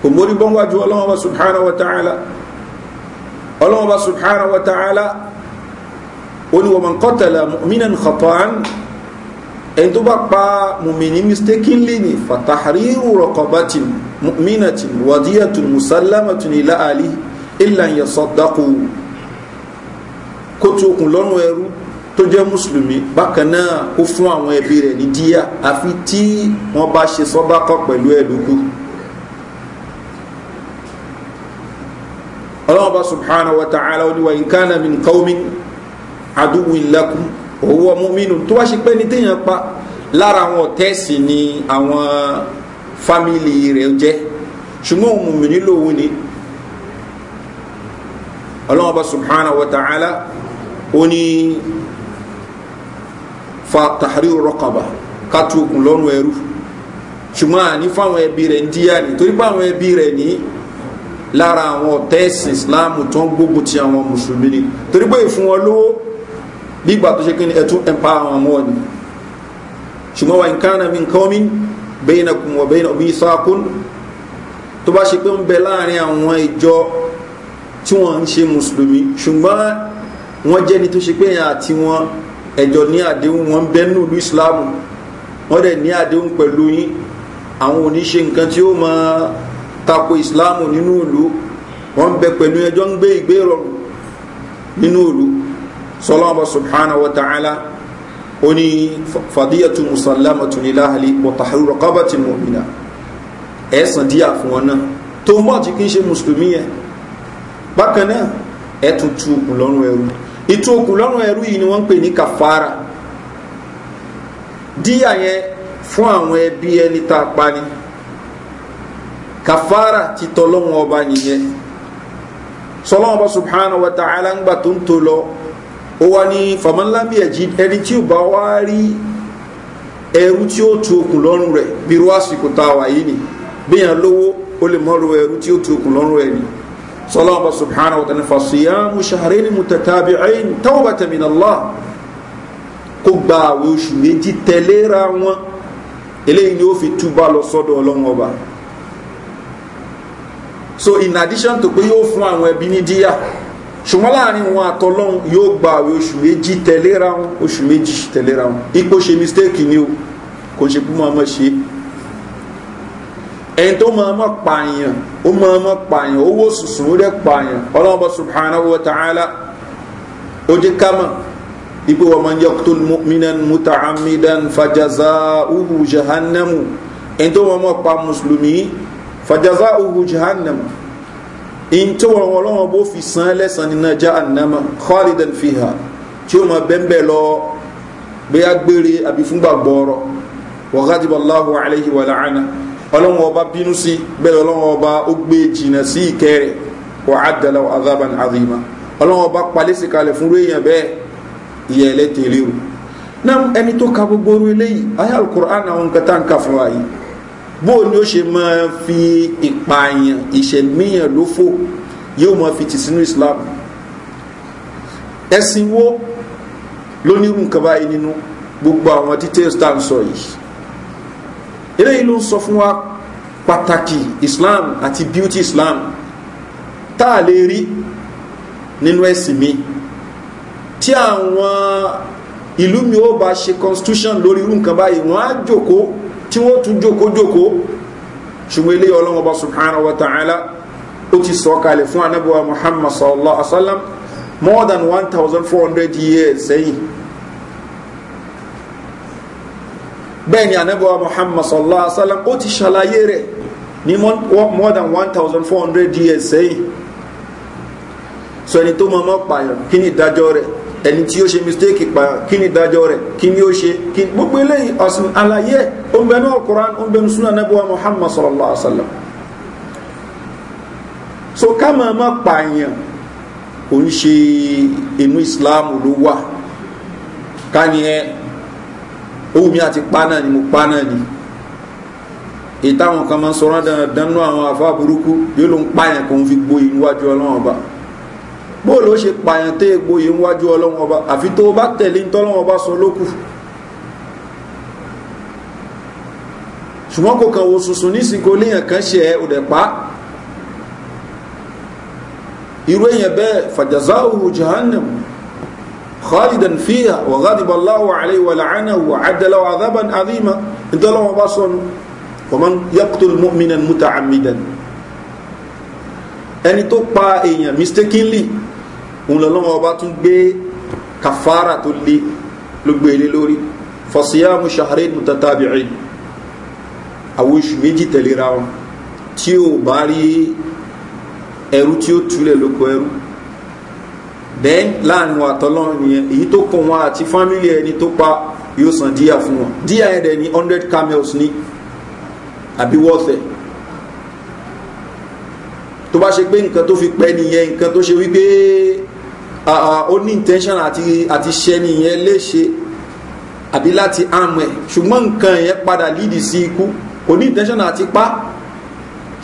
kò mórí bọ́ wájú ọlọ́wọ́ba subhanahu wa ta'ala ọlọ́wọ́ba subhanahu wa ta'ala ó ní wọ́n kọ́tẹ̀lá minan khatan ẹni tó bá pa mùmìnì mistakenly ni fatahariru rọkọbatin mu'minatin wadiyatun musallamatun ila ali illa ya sadaku kó tó okùn lọ́nu ẹrú tó jẹ́ mùsùlùmí bákan náà ó fún àwọn ẹbí rẹ̀ ní díyà àfi tí wọ́n bá ṣe sọ́dákọ̀ pẹ̀lú ẹ̀lúkú ọlọ́wọ́n bá subhanahu wa ta'ala ó ní wa ìkànnà min qawmin aduwwin lakum huwa mu'minun tó wá ṣe pé ní téèyàn pa lára àwọn ọ̀tẹ́ẹ̀sì ni àwọn fámìlì rẹ̀ jẹ́ ṣùgbọ́n òun mùmí nílò òun ni ọlọ́wọ́n bá subhanahu wa ta'ala ó ní fa tahrir raqaba kátó okùn lọ́rùn ẹrú ṣùgbọ́n àní fáwọn ẹbí rẹ̀ ń díyà ní torí pé ẹbí rẹ̀ ní lára àwọn ọ̀tẹ́ ẹ̀sìn islamu tó ń gbógun ti àwọn mùsùlùmí ni torí pé ìfún wọn lówó nígbà tó ṣe kí ni ẹ̀tún ẹ̀mpa àwọn ọmọ ni ṣùgbọ́n wa nǹkan náà mi nǹkan mi bẹ́yìn náà kùn wọ́n bẹ́yìn náà bíi sáàkún tó bá ṣe pé ń bẹ láàrin àwọn ìjọ tí wọ́n ń ṣe mùsùlùmí ṣùgbọ́n wọ́n ni tó ṣe pé yẹn àti wọn ẹ̀jọ̀ ní àdéhùn wọn bẹ́nu ìlú ìsìláàmù wọ́n dẹ̀ ní àdéhùn pẹ̀lú yín àwọn oníṣe nǹkan tí ó máa tako ìsìláàmù nínú ìlú wọn bẹ pẹ̀lú ẹjọ́ ń gbé ìgbé rọrùn nínú subhana wa ta'ala ó ní fàdíyàtú musallama tuni láhàlì wọ̀tàhàrù rọ̀kọ́bàtì mọ̀mìnà ẹ̀sàn díà fún wọn náà tó ń bọ̀ tí kí ń ṣe mùsùlùmí yẹn bákan náà ẹ̀ tún tu okùn lọ́rùn ẹrú ìtú okùn lọ́rùn ẹrú yìí kàfàrà ti tọ́lọ́wọ́n ọba nìyẹn sọlọ́wọ́n ọba subhanahu wa ta'ala ń gbà tó ń tó lọ ó wá ní famanlámi ẹ̀jí ẹni tí ò bá wá rí ẹrú tí ó tu okùn lọ́rùn rẹ̀ bí irú àsìkò tá a wà yìí ni bíyàn lówó ó lè mọ́ ro ẹrú tí ó tu okùn lọ́rùn rẹ̀ ni sọlọ́wọ́n ọba subhanahu wa ta'ala fasiyamu shahraini mutatabi'ain tawbatan min Allah kó gba àwẹ̀ oṣù méjì tẹ̀léra wọn eléyìí ni ó fi túbà lọ sọ́dọ̀ ọlọ́run ọba so in addition to pé yóò fún àwọn ẹbí ní díyà ṣùgbọ́n láàrin wọn àtọlọ́hun yóò gba àwẹ̀ oṣù méjì tẹ̀léra wọn oṣù méjì tẹ̀léra wọn ipò ṣe mistake ni o kò ṣe kú máa mọ̀ ṣe ẹni tó máa mọ̀ pààyàn ó máa mọ̀ pààyàn owó sùsùn ó dẹ̀ pààyàn ọlọ́mọba subhanahu wa ta'ala ó jẹ́ ká mọ̀ ipò wọn máa ń yẹ tó mínan muta'amidan fajaza'uhu jahannamu ẹni tó máa mọ̀ pa mùsùlùmí fajaza'uhu jahannam in tó wọn wọn lọ́wọ́ bó fi san lẹ́sàn nínú jahannama khalidan fiha tí ó máa bẹ́ńbẹ́ lọ bí a gbére àbí fúngbà gbọ́ọ̀rọ̀ wa ghadiba Allahu alayhi wa la'ana ọlọ́wọ́ ọba bínú sí bẹ́ẹ̀ ọlọ́wọ́ ọba ó gbé jìnnà sí ìkẹrẹ̀ wa adala wa adhaban azima ọlọ́wọ́ ọba palẹ́sì kalẹ̀ fún réèyàn bẹ́ẹ̀ ìyẹ̀lẹ́ tèlé o náà ẹni tó ka gbogbo orí eléyìí ayé al-Qur'an àwọn nǹkan ń kà fún wa yìí bóò ni ó ṣe máa fi ìpààyàn ìṣẹ̀míyàn lófò yóò máa fi tì sínú islam ẹ̀sìn wo lónírù nǹkan báyìí nínú gbogbo àwọn details tá à ń sọ yìí eléyìí ló ń sọ fún wa pàtàkì islam àti beauty islam tá a lè rí nínú ẹ̀sìn mi tí àwọn ìlú mi ó bá ṣe constitution lórí irú nǹkan báyìí wọ́n á jòkó tí wọ́n tún jókòó jókòó ṣùgbọ́n ilé ọlọ́wọ́ bá subhanahu wa ta'ala ó ti sọ kalẹ̀ fún anábíwá muhammad sallallahu alaihi wa more than one thousand four hundred years sẹ́yìn bẹ́ẹ̀ ni anábíwá muhammad sallallahu alaihi wa sallam ó ti ṣàlàyé rẹ̀ ní more than one thousand four hundred years sẹ́yìn sọ ẹni tó mọ̀ mọ́ pààyàn kí ni ìdájọ́ rẹ̀ ẹni tí ó ṣe mistake pa kí ni ìdájọ́ rẹ̀ kí ni ó ṣe kí gbogbo eléyìí ọ̀sìn àlàyé ó ń bẹnu alukoran ó muhammad sallallahu alaihi wa sallam so ká máa má pààyàn kò ń ṣe inú islam ló wà ká ní ẹ ohun mi àti pa náà ni mo pa náà ni ìtàwọn kan máa ń sọ rán dandan nú àwọn àfa burúkú yóò ló ń pààyàn kò ń fi gbó iwájú ọlọ́wọ́n bá bóò ló ṣe pààyàn tẹ́ egbò yìí wájú ọlọ́wọ́n ọba àfi tó bá tẹ̀lé tọ́lọ́wọ́n ọba sọ lókù ṣùgbọ́n kò kàn wo sùsùn nísìnkò léèyàn kan ṣe ẹ̀ òdẹ̀ irú èèyàn bẹ́ẹ̀ fàjàzáwò jahannam khalidan fiha wa ghadiba alayhi wa la'anahu wa adala wa adhaban azima intolawon ba sonu wa man yaqtul mu'minan ẹni tó pa èèyàn mistakenly òun lọ́lọ́wọ́ ọba tún gbé kàfàrà tó lé ló gbé lé lórí fọ̀síyàmù ṣàhárẹ́ mutatabi'in àwọn oṣù méjì tẹ̀lera wọn tí ó bá rí ẹrú tí ó túlẹ̀ lóko ẹrú then láàrin wọn àtọ́lọ́ nìyẹn èyí tó kọ wọn àti fámílì ẹni tó pa yóò san díà fún wọn díà yẹn dẹ̀ ní hundred camels ní àbí tó bá ṣe pé nǹkan tó fi pẹ́ nìyẹn nǹkan tó ṣe wípé ó ní intention àti àti ṣẹ́ nìyẹn léṣe àbí láti àmọ̀ ẹ̀ ṣùgbọ́n nǹkan yẹn padà lídìí sí ikú kò ní intention àti pa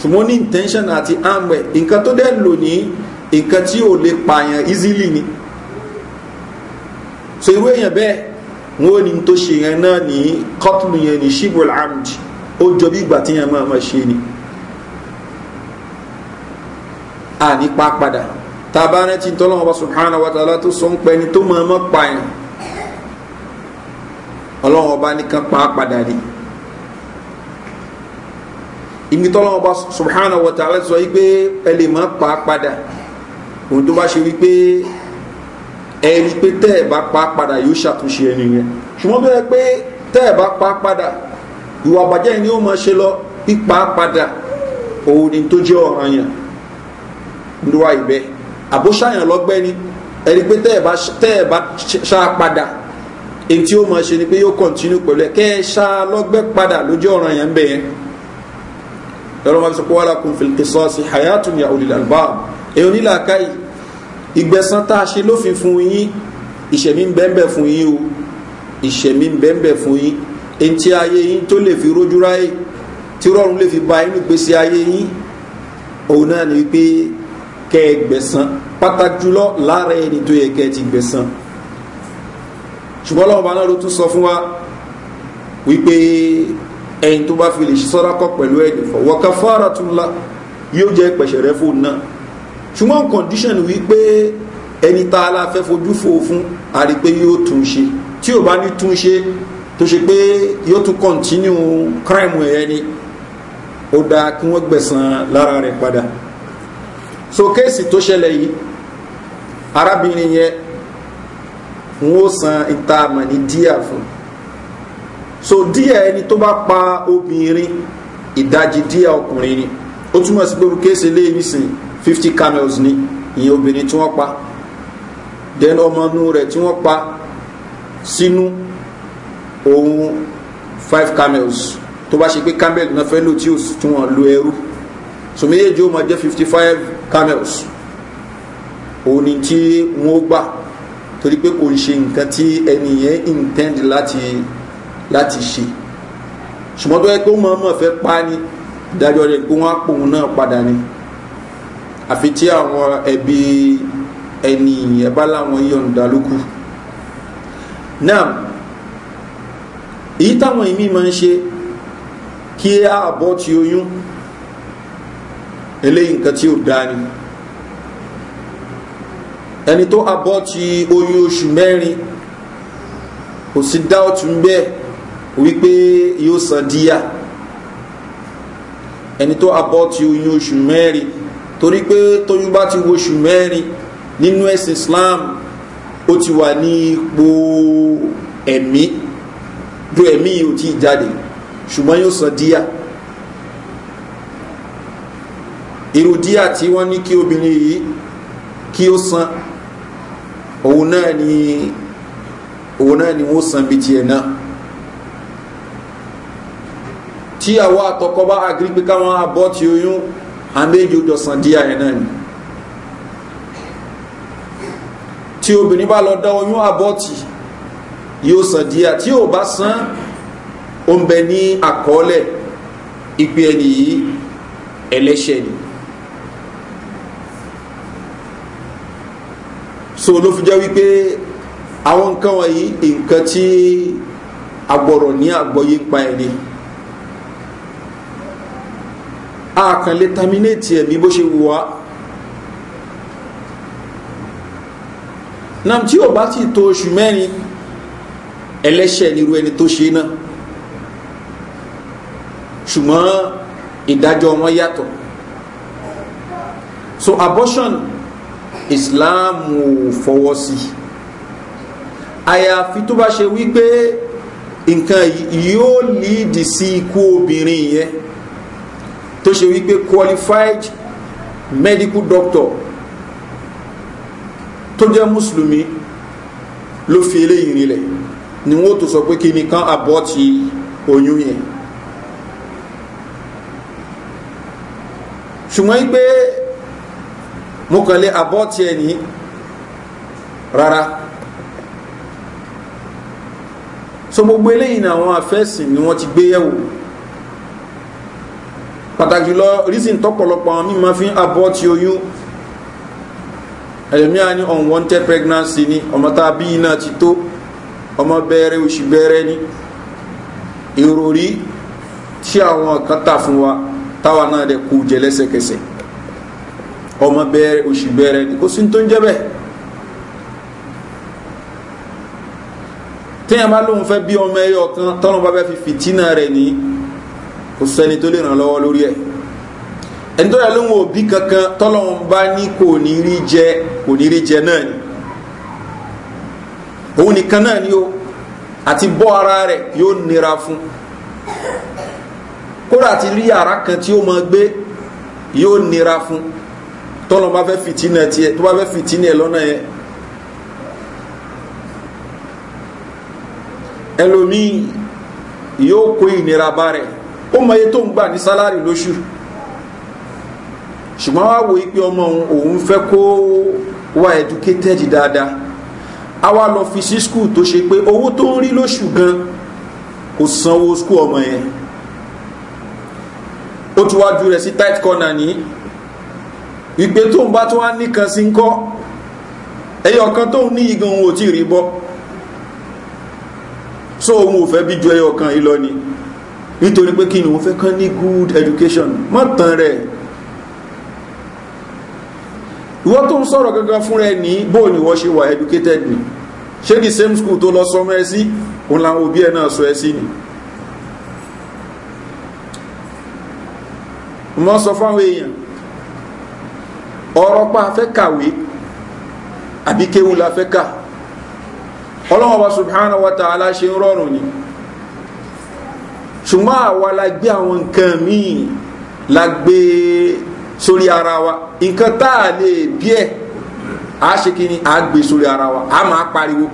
ṣùgbọ́n ní intention àti àmọ̀ ẹ̀ nǹkan tó dẹ̀ lò ní nǹkan tí ò lè pààyàn easily ni so irú èèyàn bẹ́ẹ̀ wọ́n ní tó ṣe yẹn náà ní kọ́tùnù yẹn ní shibul amd ó jọ bí ìgbà tí yẹn máa máa ṣe ni àní pa padà tabana ti tọ́lọ́ ọba subhanahu wa ta'ala tu sọ ń pẹ́ ni tó máa mọ́ pa ẹ̀ ọlọ́run ọba nìkan pa á padà ibi tọ́lọ́ ọba subhanahu wa ta'ala sọ yí pé ẹ lè má pa á padà òun tó bá ṣe wípé ẹ rí pé tẹ́ ẹ bá pa á padà yóò ṣàtúnṣe ẹni yẹn ṣùgbọ́n bẹ́ẹ̀ pé tẹ́ ẹ bá pa á padà ìwà ni ó máa ṣe lọ pípa á padà òun ni tó jẹ́ ọ̀ràn yẹn ń wá ìbẹ́ẹ̀ àbó ṣàyàn lọ́gbẹ́ ni ẹni pé tẹ́ ẹ̀ bá ṣá padà èyí tí ó mọ̀ ṣe ni pé yóò kọ̀ntínú pẹ̀lú ẹ̀ kẹ́ ẹ ṣá lọ́gbẹ́ padà lójú ọ̀ràn yẹn bẹ̀ yẹn lọ́rọ̀ máa fi sọ pé wàhálà kún fìlì kìsọ́ sí hayatun ya olùdà albá èyí onílà káyì ìgbẹ̀sán tá a ṣe lófin fún yín ìṣẹ̀mí ń bẹ́ẹ̀ fún yín o ìṣẹ̀mí ń bẹ́ẹ̀ fún yín èyí tí ayé yín tó lè fi rójú tí rọrùn lè fi ba inú gbèsè ayé yín òun náà ni wípé kẹ́ ẹ gbẹ̀sán pàtàkì jùlọ lára ẹni tó yẹ kẹ́ ẹ ti gbẹ̀sán ṣùgbọ́n lọ́wọ́ bá náà ló tún sọ fún wa wípé ẹni tó bá fi lè ṣe sọ́dákọ̀ pẹ̀lú ẹni fọ̀ fara tún la yóò jẹ́ pẹ̀ṣẹ̀ rẹ fún náà ṣùgbọ́n condition wípé ẹni tá a la fẹ́ fojú fo fún a rí pé yóò tún ṣe tí ò bá ní tún ṣe tó ṣe pé yóò tún continue crime ẹ̀ ni ó dáa kí wọ́n gbẹ̀sán lára rẹ̀ padà so kéèsì tó ṣẹlẹ̀ yìí arábìnrin yẹn n ó san ìta àmà ní díà fún so díà ẹni tó bá pa obìnrin ìdajì díà ọkùnrin ni ó túmọ̀ sí pé kéèsì lé nísìnyí fifty camels ni ìyẹn obìnrin tí wọ́n pa then ọmọ inú rẹ̀ tí wọ́n pa sínú òun five camels tó bá ṣe pé camel náà fẹ́ lò tí wọn lo ẹrú so méjèèjì ó ma jẹ́ fifty five camels òun ni tí wọ́n gbà torí pé kò ń ṣe nǹkan tí ẹni yẹn intend láti láti ṣe ṣùgbọ́n tó yẹ pé ó mọ̀ mọ̀ fẹ́ pa ni ìdájọ́ rẹ̀ pé wọ́n á pòun náà padà ni àfi tí àwọn ẹbí ẹni bá láwọn yọ̀ǹda lókù náà èyí táwọn ìmí máa ń ṣe kí ààbọ̀ ti oyún eléyìí nǹkan tí ò dáa ni ẹni tó abọ́ ti oyún oṣù mẹ́rin kò sí dáòtù ń bẹ́ẹ̀ wípé yóò san díyà ẹni tó abọ́ ti oyún oṣù mẹ́rin torí pé tóyún bá ti wo oṣù mẹ́rin nínú ẹ̀sìn islam ó ti wà ní ipò ẹ̀mí ju ẹ̀mí yìí ò tí jáde ṣùgbọ́n yóò san díyà. ìrùdíà tí wọ́n ní kí obìnrin yìí kí ó san òun náà ni òun náà ni wọ́n san bí tiẹ̀ náà tí àwọn àtọkọ bá agiri káwọn abọ́ ti oyún àméjì ojọ díà yẹn náà ni tí obìnrin bá lọ dá oyún abọ́ tì yóò san díà tí ò bá san ó ń bẹ ní àkọọ́lẹ̀ ìpè ẹni yìí ẹlẹ́ṣẹ̀ ni. so ló fi jẹ́ wípé àwọn nǹkan wọ̀nyí nǹkan tí agbọ̀rọ̀ ní àgbọ̀yé pa ẹ̀ ni a kàn lè terminate ẹ̀mí bó ṣe wù wá nam tí ò bá ti tó oṣù mẹ́rin ẹlẹ́ṣẹ̀ nírú ẹni tó ṣe náà ṣùgbọ́n ìdájọ́ wọn yàtọ̀ so abortion Islamu ò fọwọ́ sí àyàfi tó bá ṣe wípé nǹkan yóò líìdì sí ikú obìnrin yẹn tó ṣe wípé qualified medical doctor tó jẹ́ mùsùlùmí ló fi eléyìí rinlẹ̀ ni wọ́n tó sọ pé kí nìkan abọ́ti oyún yẹn ṣùgbọ́n pé mo kàn lé abọ́ tiẹ̀ ní rárá so gbogbo eléyìí ni àwọn afẹ́sìn ni wọ́n ti gbé yẹ̀wò pàtàkì lọ reason tọ́pọ̀lọpọ̀ àwọn mímọ́ fi abọ́ ti oyún ẹlòmíà ní unwanted pregnancy ni ọmọ tá a bí iná ti tó ọmọ bẹ̀rẹ̀ oṣù bẹ̀rẹ̀ ni ìròrí tí àwọn kan tà fún wa táwa náà dẹ̀ kú jẹ lẹ́sẹkẹsẹ ọmọ bẹ̀rẹ̀ oṣù bẹ̀rẹ̀ ni kò sí tó ń jẹ́ bẹ́ẹ̀ téèyàn bá lóun fẹ́ bí ọmọ ẹyọ kan tọ́lọ́n bá fẹ́ fi fìtínà rẹ̀ ní kò sẹ́ni tó lè ràn lọ́wọ́ lórí ẹ̀ ẹni tó yà lóun òbí kankan tọ́lọ́n bá ní kò ní rí jẹ kò ní rí jẹ náà ni òun nìkan náà ni ó àti bọ́ ara rẹ̀ yóò nira fún kódà ti rí yàrá kan tí ó mọ gbé yóò nira fún tọ́lọ́ bá fẹ́ fìtínà tiẹ̀ tó bá fẹ́ fìtínà ẹ̀ lọ́nà yẹn ẹlòmíì yóò kó ìnira bá rẹ̀ ó mọ iye tó ń gbà ní sálárì lóṣù ṣùgbọ́n wá wo ipe ọmọ òun fẹ́ kó wá educated dáadáa a wá lọ fi sí skul tó ṣe pé owó tó ń rí lóṣù gan kò sanwó skul ọmọ yẹn ó ti wá ju rẹ̀ sí tight corner nìyí ìpè tó ń bá tó wá nìkan sí ń kọ́ ẹyọ kan tó ń ní igan òun ò rí bọ́ so òun ò bí ju ẹyọ kan ìlọ ni nítorí pé kí ni òun fẹ́ kán ní good education mọ́ tán rẹ̀ ìwọ́n tó ń sọ̀rọ̀ gangan fún rẹ̀ ní bóò ni wọ́n ṣe wà educated ni ṣé ní same school tó lọ sọmọ ẹ sí òun làwọn òbí ẹ náà sọ ẹ sí ni wọ́n sọ fáwọn èèyàn ọ̀rọ̀ pa afẹ́ kàwé àbí kéwù la fẹ́ kà ọlọ́wọ́n bá subhanahu wa ta'ala ṣe ń rọrùn ni ṣùgbọ́n àwa la gbé àwọn nǹkan míì la gbé sórí ara wa nǹkan tá a lè bí ẹ̀ a ṣe kí ni a gbé sórí ara wa a máa pariwo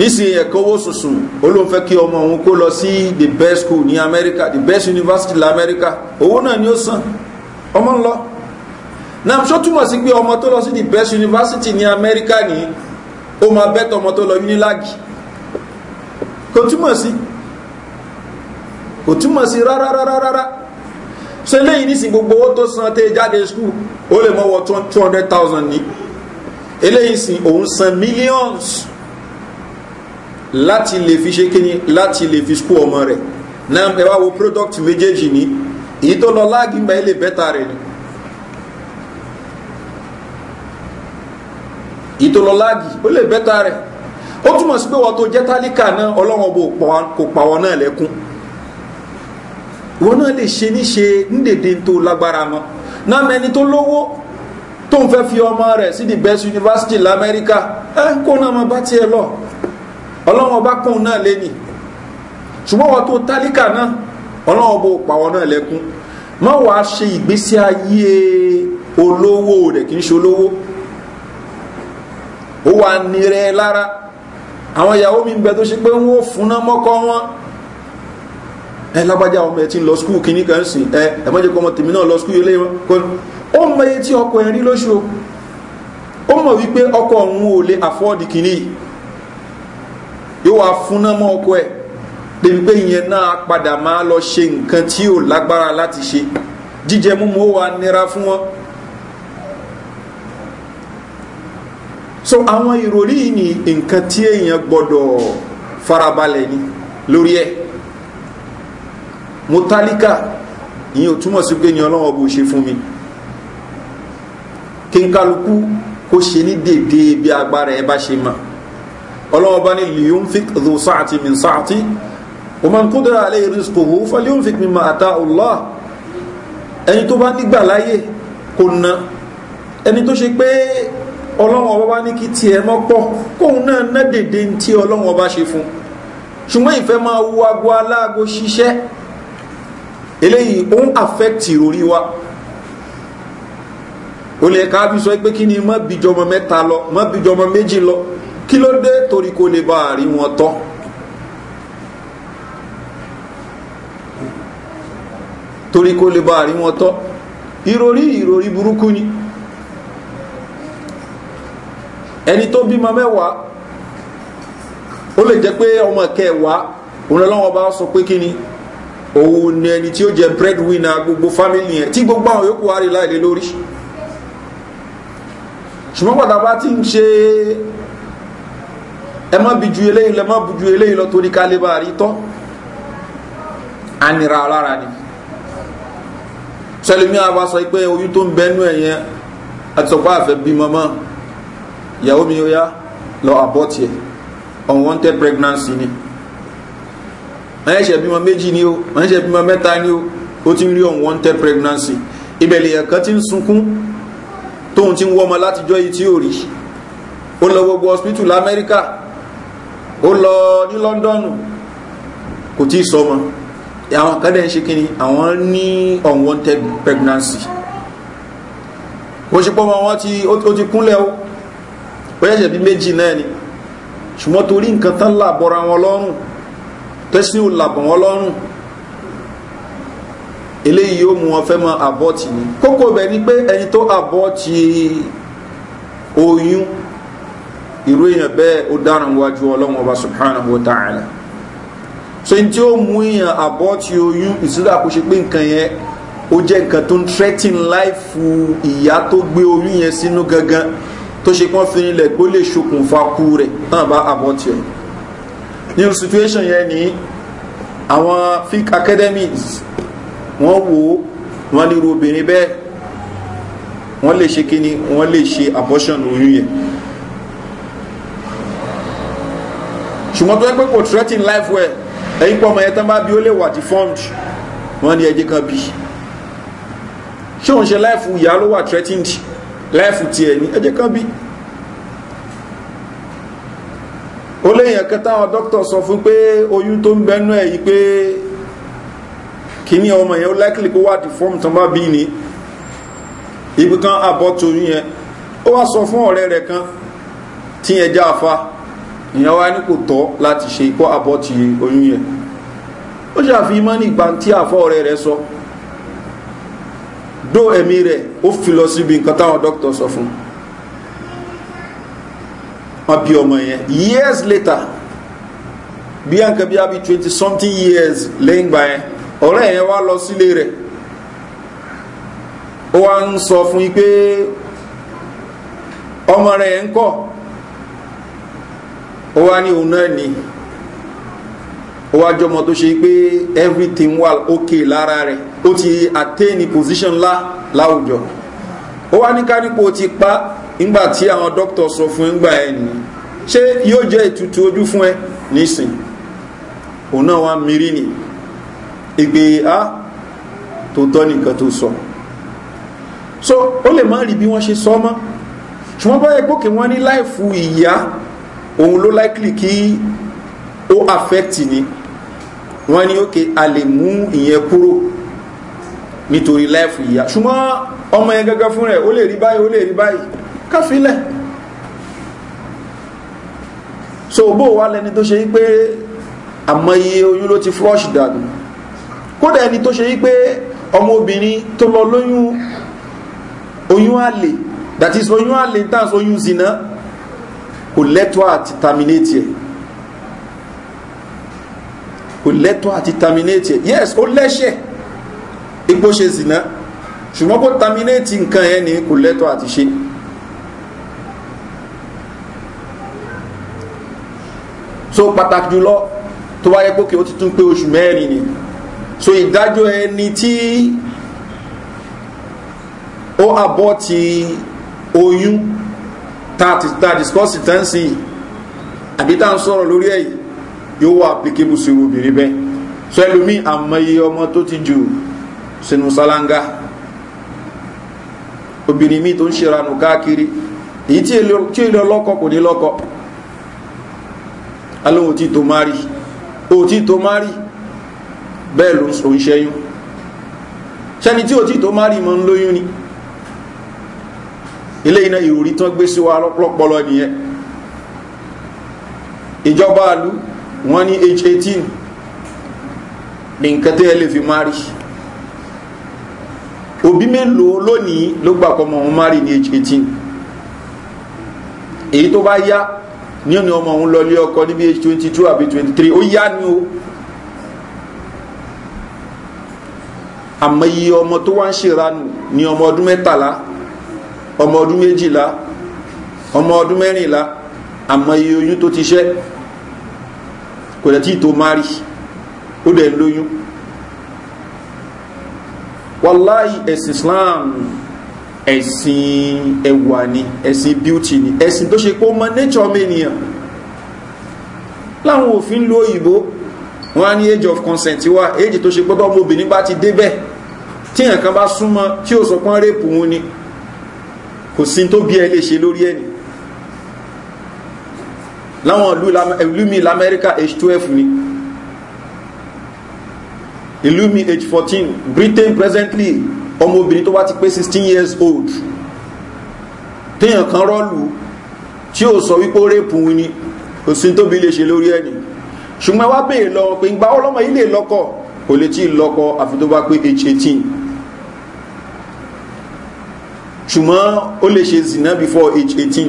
nísìnyí ẹ̀kọ́ owó sùsù olóhùn fẹ́ kí ọmọ òun kó lọ sí the best school ní amẹ́ríkà the best university la amẹ́ríkà owó náà ni ó san ọmọ ń lọ náà ṣó túmọ̀ sí pé ọmọ tó lọ sí the best university ní amẹ́ríkà ni ó máa bẹ́tọ̀ ọmọ tó lọ unilag kò túmọ̀ sí kò túmọ̀ sí rárá rárá rárá ṣe léyìn nísìnyí gbogbo owó tó san tẹ́ jáde school ó lè mọ́ wọ two hundred thousand ní eléyìí sìn òun san millions láti lè fi ṣe kíni láti lè fi skú ọmọ rẹ̀ náà ẹ wá wo product méjèèjì ní èyí tó lọ láàgì gbà ilé bẹ́ta rẹ̀ ni èyí tó lọ láàgì ó lè bẹ́ta rẹ̀ ó túmọ̀ sí pé wọ́n tó jẹ́ tálíkà náà ọlọ́wọ́n bò kò pa wọn náà lẹ́kún wọn náà lè ṣe níṣe nídèdè tó lágbára mọ́ náà mẹni tó lówó tó ń fẹ́ fi ọmọ rẹ̀ sí the best university lamẹ́ríkà ẹ kó náà máa bá tiẹ̀ lọ ọlọ́wọ́n bá kún náà lẹ́nì ṣùgbọ́n wọ́n tó tálíkà náà ọlọ́wọ́n bó pàwọ́ náà lẹ́kún má wàá ṣe ìgbésí ayé olówó rẹ̀ kì í ṣe olówó ó wà nírẹ̀ lára àwọn ìyàwó mi ń bẹ tó ṣe pé wọ́n fúnná mọ́kọ́ wọn ẹ lágbájá ọmọ ẹ ti ń lọ skúù kìíní kan sìn ẹ ẹ mọ́jẹ́ pé ọmọ tèmi náà lọ skúù yẹlé wọn ó mọ yóò wá fúnná mọ́ ọkọ ẹ̀ débi pé ìyẹn náà padà máa lọ ṣe nǹkan tí ò lágbára láti ṣe jíjẹ múmu ó wà nira fún wọn. so àwọn ìròrí yìí ni nǹkan tí èèyàn gbọ́dọ̀ farabalẹ̀ ni lórí ẹ̀ mo tálíkà ìyẹn ò túmọ̀ sí pé ní ọlọ́wọ́ bó ṣe fún mi kí n kálukú kó ṣe ní déédéé bí agbára ẹ bá ṣe mọ̀ ọlọ́wọ́ bá ní liyunfik dhu sa'ati min sa'ati wa man qudira alayhi rizquhu falyunfik mimma ata'u Allah ẹni tó bá nígbà láyé kò ná ẹni tó ṣe pé ọlọ́wọ́ ọba bá ní kí tiẹ̀ mọ́ pọ̀ kóun náà ná dèdè tí ọlọ́wọ́ ọba ṣe fún ṣùgbọ́n ìfẹ́ máa wo ago aláago ṣiṣẹ́ eléyìí ó ń affect ìròrí wa olè káàbí sọ pé kí ni mọ́ bíjọmọ mẹ́ta lọ mọ́ bíjọmọ méjì lọ kí ló dé torí kó lè bá àrí wọn tọ́ torí kó lè bá àrí wọn tọ́ ìròrí ìròrí burúkú ni ẹni tó bímọ mẹ́wàá ó lè jẹ́ pé ọmọ kẹwàá òun bá sọ pé kí ni òun ni ẹni tí ó jẹ breadwinner gbogbo family yẹn tí gbogbo àwọn yòókù wá rí láìlé lórí ṣùgbọ́n pàtàkì bá ti ń ṣe ẹ má bi ju eléyìí lọ ẹ má bu ju eléyìí lọ torí ká lè anira alára ni sẹlẹmi àwa sọ pé oyún tó ń bẹnu ẹ yẹn àti àfẹ bímọ mọ ìyàwó mi ó yá lọ abort yẹ unwanted pregnancy ni wọ́n ṣe bímọ méjì ni o wọ́n ṣe bímọ mẹ́ta ni o ó ti ń rí unwanted pregnancy ìbẹ̀lẹ̀ ẹ̀kan ti ń sunkún tóun ti ń wọ́mọ látijọ́ yìí tí ò rí ó lọ gbogbo hospital lamẹ́ríkà ó lọ ní lọ́ndọ̀nù kò tí ì sọmọ àwọn kan ń ṣe kí ni àwọn ní unwanted pregnancy ó ṣe pọ́ mọ́ wọn tí ó ti kúnlẹ̀ o ó yẹ̀ṣẹ̀ bí méjì náà ni ṣùgbọ́n torí nǹkan tán làbọ̀ra wọn lọ́rùn tẹ́sí ò làbọ̀ wọn lọ́rùn eléyìí yóò mú wọn fẹ́ mọ abọ́ọ̀tì ni kókó bẹ̀ ni pé ẹni tó abọ́ọ̀tì oyún irú èèyàn bẹ́ẹ̀ ó dára wájú ọlọ́run ọba subhanahu wa ta'ala so n tí ó mú èèyàn abọ́ tí oyún ìsúlẹ̀ àkóṣe pé nǹkan yẹn ó jẹ́ nǹkan tó ń threaten life ìyá tó gbé oyún yẹn sínú gangan tó ṣe kán fi nílẹ̀ pé ó lè ṣokùnfà kú rẹ̀ náà bá abọ́ tí oyún nínú situation yẹn ni àwọn fic academies wọ́n wò ó wọ́n lè ro obìnrin bẹ́ẹ̀ wọ́n lè ṣe kíni wọ́n lè ṣe abortion oyún yẹn ṣùgbọ́n tó yẹ pé kò threatening life well ẹ̀yin pọ̀ ọmọ yẹn tán bá bí ó lè wà deformed wọ́n ní ẹjẹ́ kan bí ṣé òun ṣe life ìyá ló wà threatened life tiẹ̀ ní ẹjẹ́ kan bí ó léèyàn kan táwọn dókítà sọ fún pé oyún tó ń bẹnu ẹ̀ yìí pé kíní ọmọ yẹn ó likely kó wà deformed tán bá bí ni ibi kan abọ́ torí yẹn ó wá sọ fún ọ̀rẹ́ rẹ̀ kan tí yẹn já afa ìyẹn wá ní kò tọ́ láti ṣe ikọ́ abọ́tì oyún yẹn ó ṣàfihàn mọ́ ní ìgbà tí àfọ́ ọ̀rẹ́ rẹ̀ sọ dó ẹ̀mí rẹ̀ ó fi lọ síbi nǹkan táwọn dókítà sọ fún wọn bí ọmọ yẹn years later bí ànkà bí twenty something years lẹ́yìn gbà yẹn ọ̀rẹ́ yẹn wá lọ sílé rẹ̀ ó wá ń sọ fún ó wá ní òun náà ni ó wá jọmọ tó ṣe pé everything wà okay lára rẹ̀ ó ti attain the position ńlá láwùjọ ó wá ní kánípò ti pa ńgbà tí àwọn dókítà sọ fún ńgbà ẹ̀ nìyí ṣé yóò jẹ́ ìtutù ojú fún ẹ nísìn òun náà wá mìírí ni ìgbé a tó tọ́ nìkan tó sọ so ó lè má rí bí wọ́n ṣe sọ mọ́ ṣùgbọ́n báyẹ̀ pókè wọ́n ní láìfu ìyá òun ló likely kí ó affect ni wọ́n ní ókè a lè mú ìyẹn kúrò nítorí láìfù ìyá ṣùgbọ́n ọmọ yẹn gẹ́gẹ́ fún rẹ̀ ó lè rí báyìí ó lè rí báyìí káfílẹ̀ so bó wà lẹni tó ṣe wípé àmọye oyún ló ti flush dànù kódà ẹni tó ṣe wípé ọmọ obìnrin tó lọ lóyún oyún àlè that is oyún àlè tàbí oyún zina kò lẹ́tọ́ àti terminate ẹ̀ kò lẹ́tọ́ àti terminate ẹ̀ yes ó lẹ́ṣẹ̀ ipò ṣe zìnà ṣùgbọ́n kó terminate nǹkan ẹ̀ ni kò lẹ́tọ́ àti ṣe so pàtàkì jùlọ tó wáyé pókè ó ti tún pé oṣù mẹ́rin ni so ìdájọ́ ẹni tí ó abọ́ ti oyún ta ti ta discourse tán sí àbí tá ń sọ̀rọ̀ lórí èyí yóò wà applicable sí obìnrin bẹ́ẹ̀ sọ ẹlòmí àmọye ọmọ tó ti jù sínú sálángá obìnrin mi tó ń ṣeranù káàkiri èyí tí èlò ọlọ́kọ kò ní lọ́kọ alóhun tí tó má rí òtí tó má rí bẹ́ẹ̀ ló ń ṣẹ́yún ṣẹni tí òtí tó má rí mọ́ ń lóyún ni eléyìí náà ìròrí tán gbé sí wa lọ́pọ̀lọ́ nìyẹn ìjọba àlú wọ́n ní h18 ní nǹkan tẹ́ lè fi má rí òbí mélòó lónìí ló gbà pọmọ òun má rí ní h18 èyí tó bá yá ní òní ọmọ òun lọ lé ọkọ níbi h22 àbí 23 ó yá ni o àmọ́ iye ọmọ tó wá ń ṣèranù ní ọmọ ọdún mẹ́tàlá ọmọ ọdún méjìlá ọmọ ọdún mẹ́rìnlá àmọ́ iye oyún tó ti ṣẹ́ kò dẹ̀ tí ì tó mari ó dẹ̀ lóyún wàláì ẹ̀sìn islam ẹ̀sìn ẹwà ni ẹ̀sìn beauty ni ẹ̀sìn tó ṣe pé ó mọ nature ọmọ ènìyàn láwọn òfin lo òyìnbó wọ́n á ní age of consent wá age tó ṣe pé bá ọmọbìnrin bá ti débẹ̀ tí èèyàn kan bá súnmọ́ tí ó sọ pọ́n rèpù wọn ni kò sí tó bí ẹ lè ṣe lórí ẹni láwọn ìlú mi lamẹ́ríkà h12 ni ìlú mi h14 britain presently ọmọbìnrin tó bá ti pé 16 years old téèyàn kan rọ́lù tí ó sọ wípé ó rèpù ni kò sí tó bí lè ṣe lórí ẹni ṣùgbọ́n wá bèèrè lọ pé ìgbà ọlọ́mọ ilé lọ́kọ̀ kò lè tí lọ́kọ̀ àfi tó bá pé h18 ṣùgbọ́n ó lè ṣe zina before age 18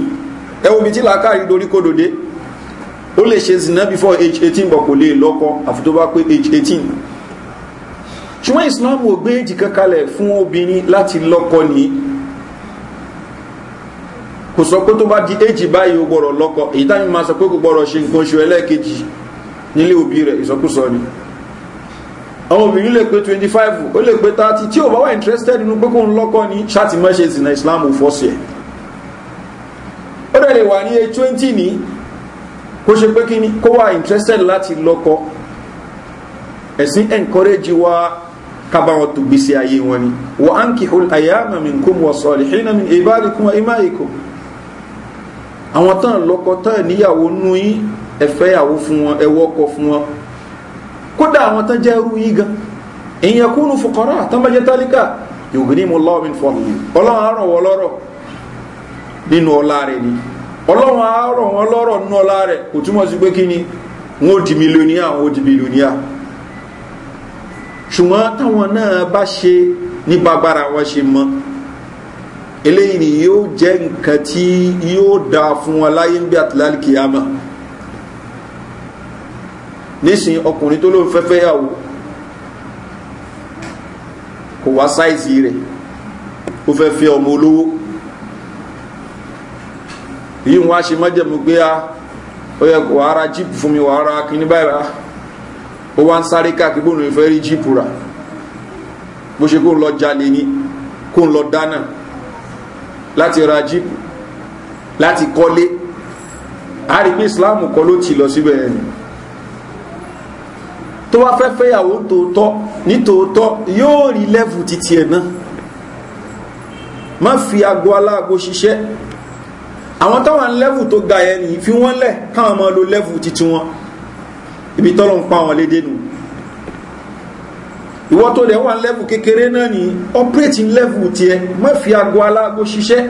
ẹwọ́ bí tí làákàrí dorí kó dòde ó lè ṣe zina before age 18 bọ̀ kò lè lọ́kọ àfi bá pé age 18 ṣùgbọ́n islam ò gbé èjì kankalẹ̀ fún obìnrin láti lọ́kọ ní kò sọ pé tó bá di èjì báyìí ó gbọ́rọ̀ lọ́kọ èyí táyìn máa sọ pé kò gbọ́rọ̀ ṣe nǹkan oṣù ẹlẹ́ẹ̀kejì nílé òbí rẹ̀ ìsọkúsọ ni àwọn obìnrin lè pé 25 ó lè pé 30 tí ò bá wà interested nínú pé kó ń lọ́kọ́ ní ṣàtìmọ́ṣe ìsìnà islam ò fọ́sí ẹ̀ ó dẹ̀ lè wà ní 20 ní kó ṣe pé kíní kó wà interested láti lọ́kọ́ ẹ̀sìn encourage wa kábàwọn tó gbèsè ayé wọn ni wọ́n á ń kí ayáàmà mi kó mu ọ̀sọ̀ rẹ̀ ṣẹ́yìn náà mi ìbáàlìkún ìmáyìkún àwọn tán lọ́kọ tán níyàwó nú yín ẹ̀fẹ́yàwó fún wọn ẹwọ́kọ fún wọn kódà àwọn tán jẹ́ irú yí gan èèyàn kúnnù fòkànrà tán bá jẹ́ tálíkà yògìnímù lọ́ọ̀mí fọ́ọ̀lù ọlọ́run á ràn wọ́n lọ́rọ̀ nínú ọlá rẹ̀ ni ọlọ́run á ràn wọ́n lọ́rọ̀ nínú ọlá rẹ̀ kò túmọ̀ sí pé kí jẹ́ nǹkan tí yóò dáa fún wọn láyé ń bí àtìlálìkì yá nísìn ọkùnrin tó ló ń fẹ́fẹ́ yàwó kò wá sáìsì rẹ̀ ó fẹ́ fẹ́ ọmọ olówó yìí wọ́n á ṣe mọ́jẹ̀mú pé a ah, ó yẹ kò ara jíìpù fún mi wà kíní báyìí ó wá ń sáré káàkiri bóun ló fẹ́ rí jíìpù rà bó ṣe kó ń lọ jalè ni kó ń lọ dáná láti ra jíìpù láti kọ́lé a rí pé islam kọ́ ló ti lọ síbẹ̀ yẹn tó wá fẹ́ fẹ́yàwó tòótọ́ nítòótọ́ yóò rí lẹ́fù títí ẹ̀ náà má fi ago aláago ṣiṣẹ́ àwọn táwọn lẹ́fù tó ga ẹ̀ nìyí fi wọ́n lẹ̀ káwọn máa lo lẹ́fù títí wọn ibi tọ́lọ̀ ń pa wọn lédè nù ìwọ́ tó dẹ̀ wà lẹ́fù kékeré náà ní operating level tiẹ̀ má fi ago aláago ṣiṣẹ́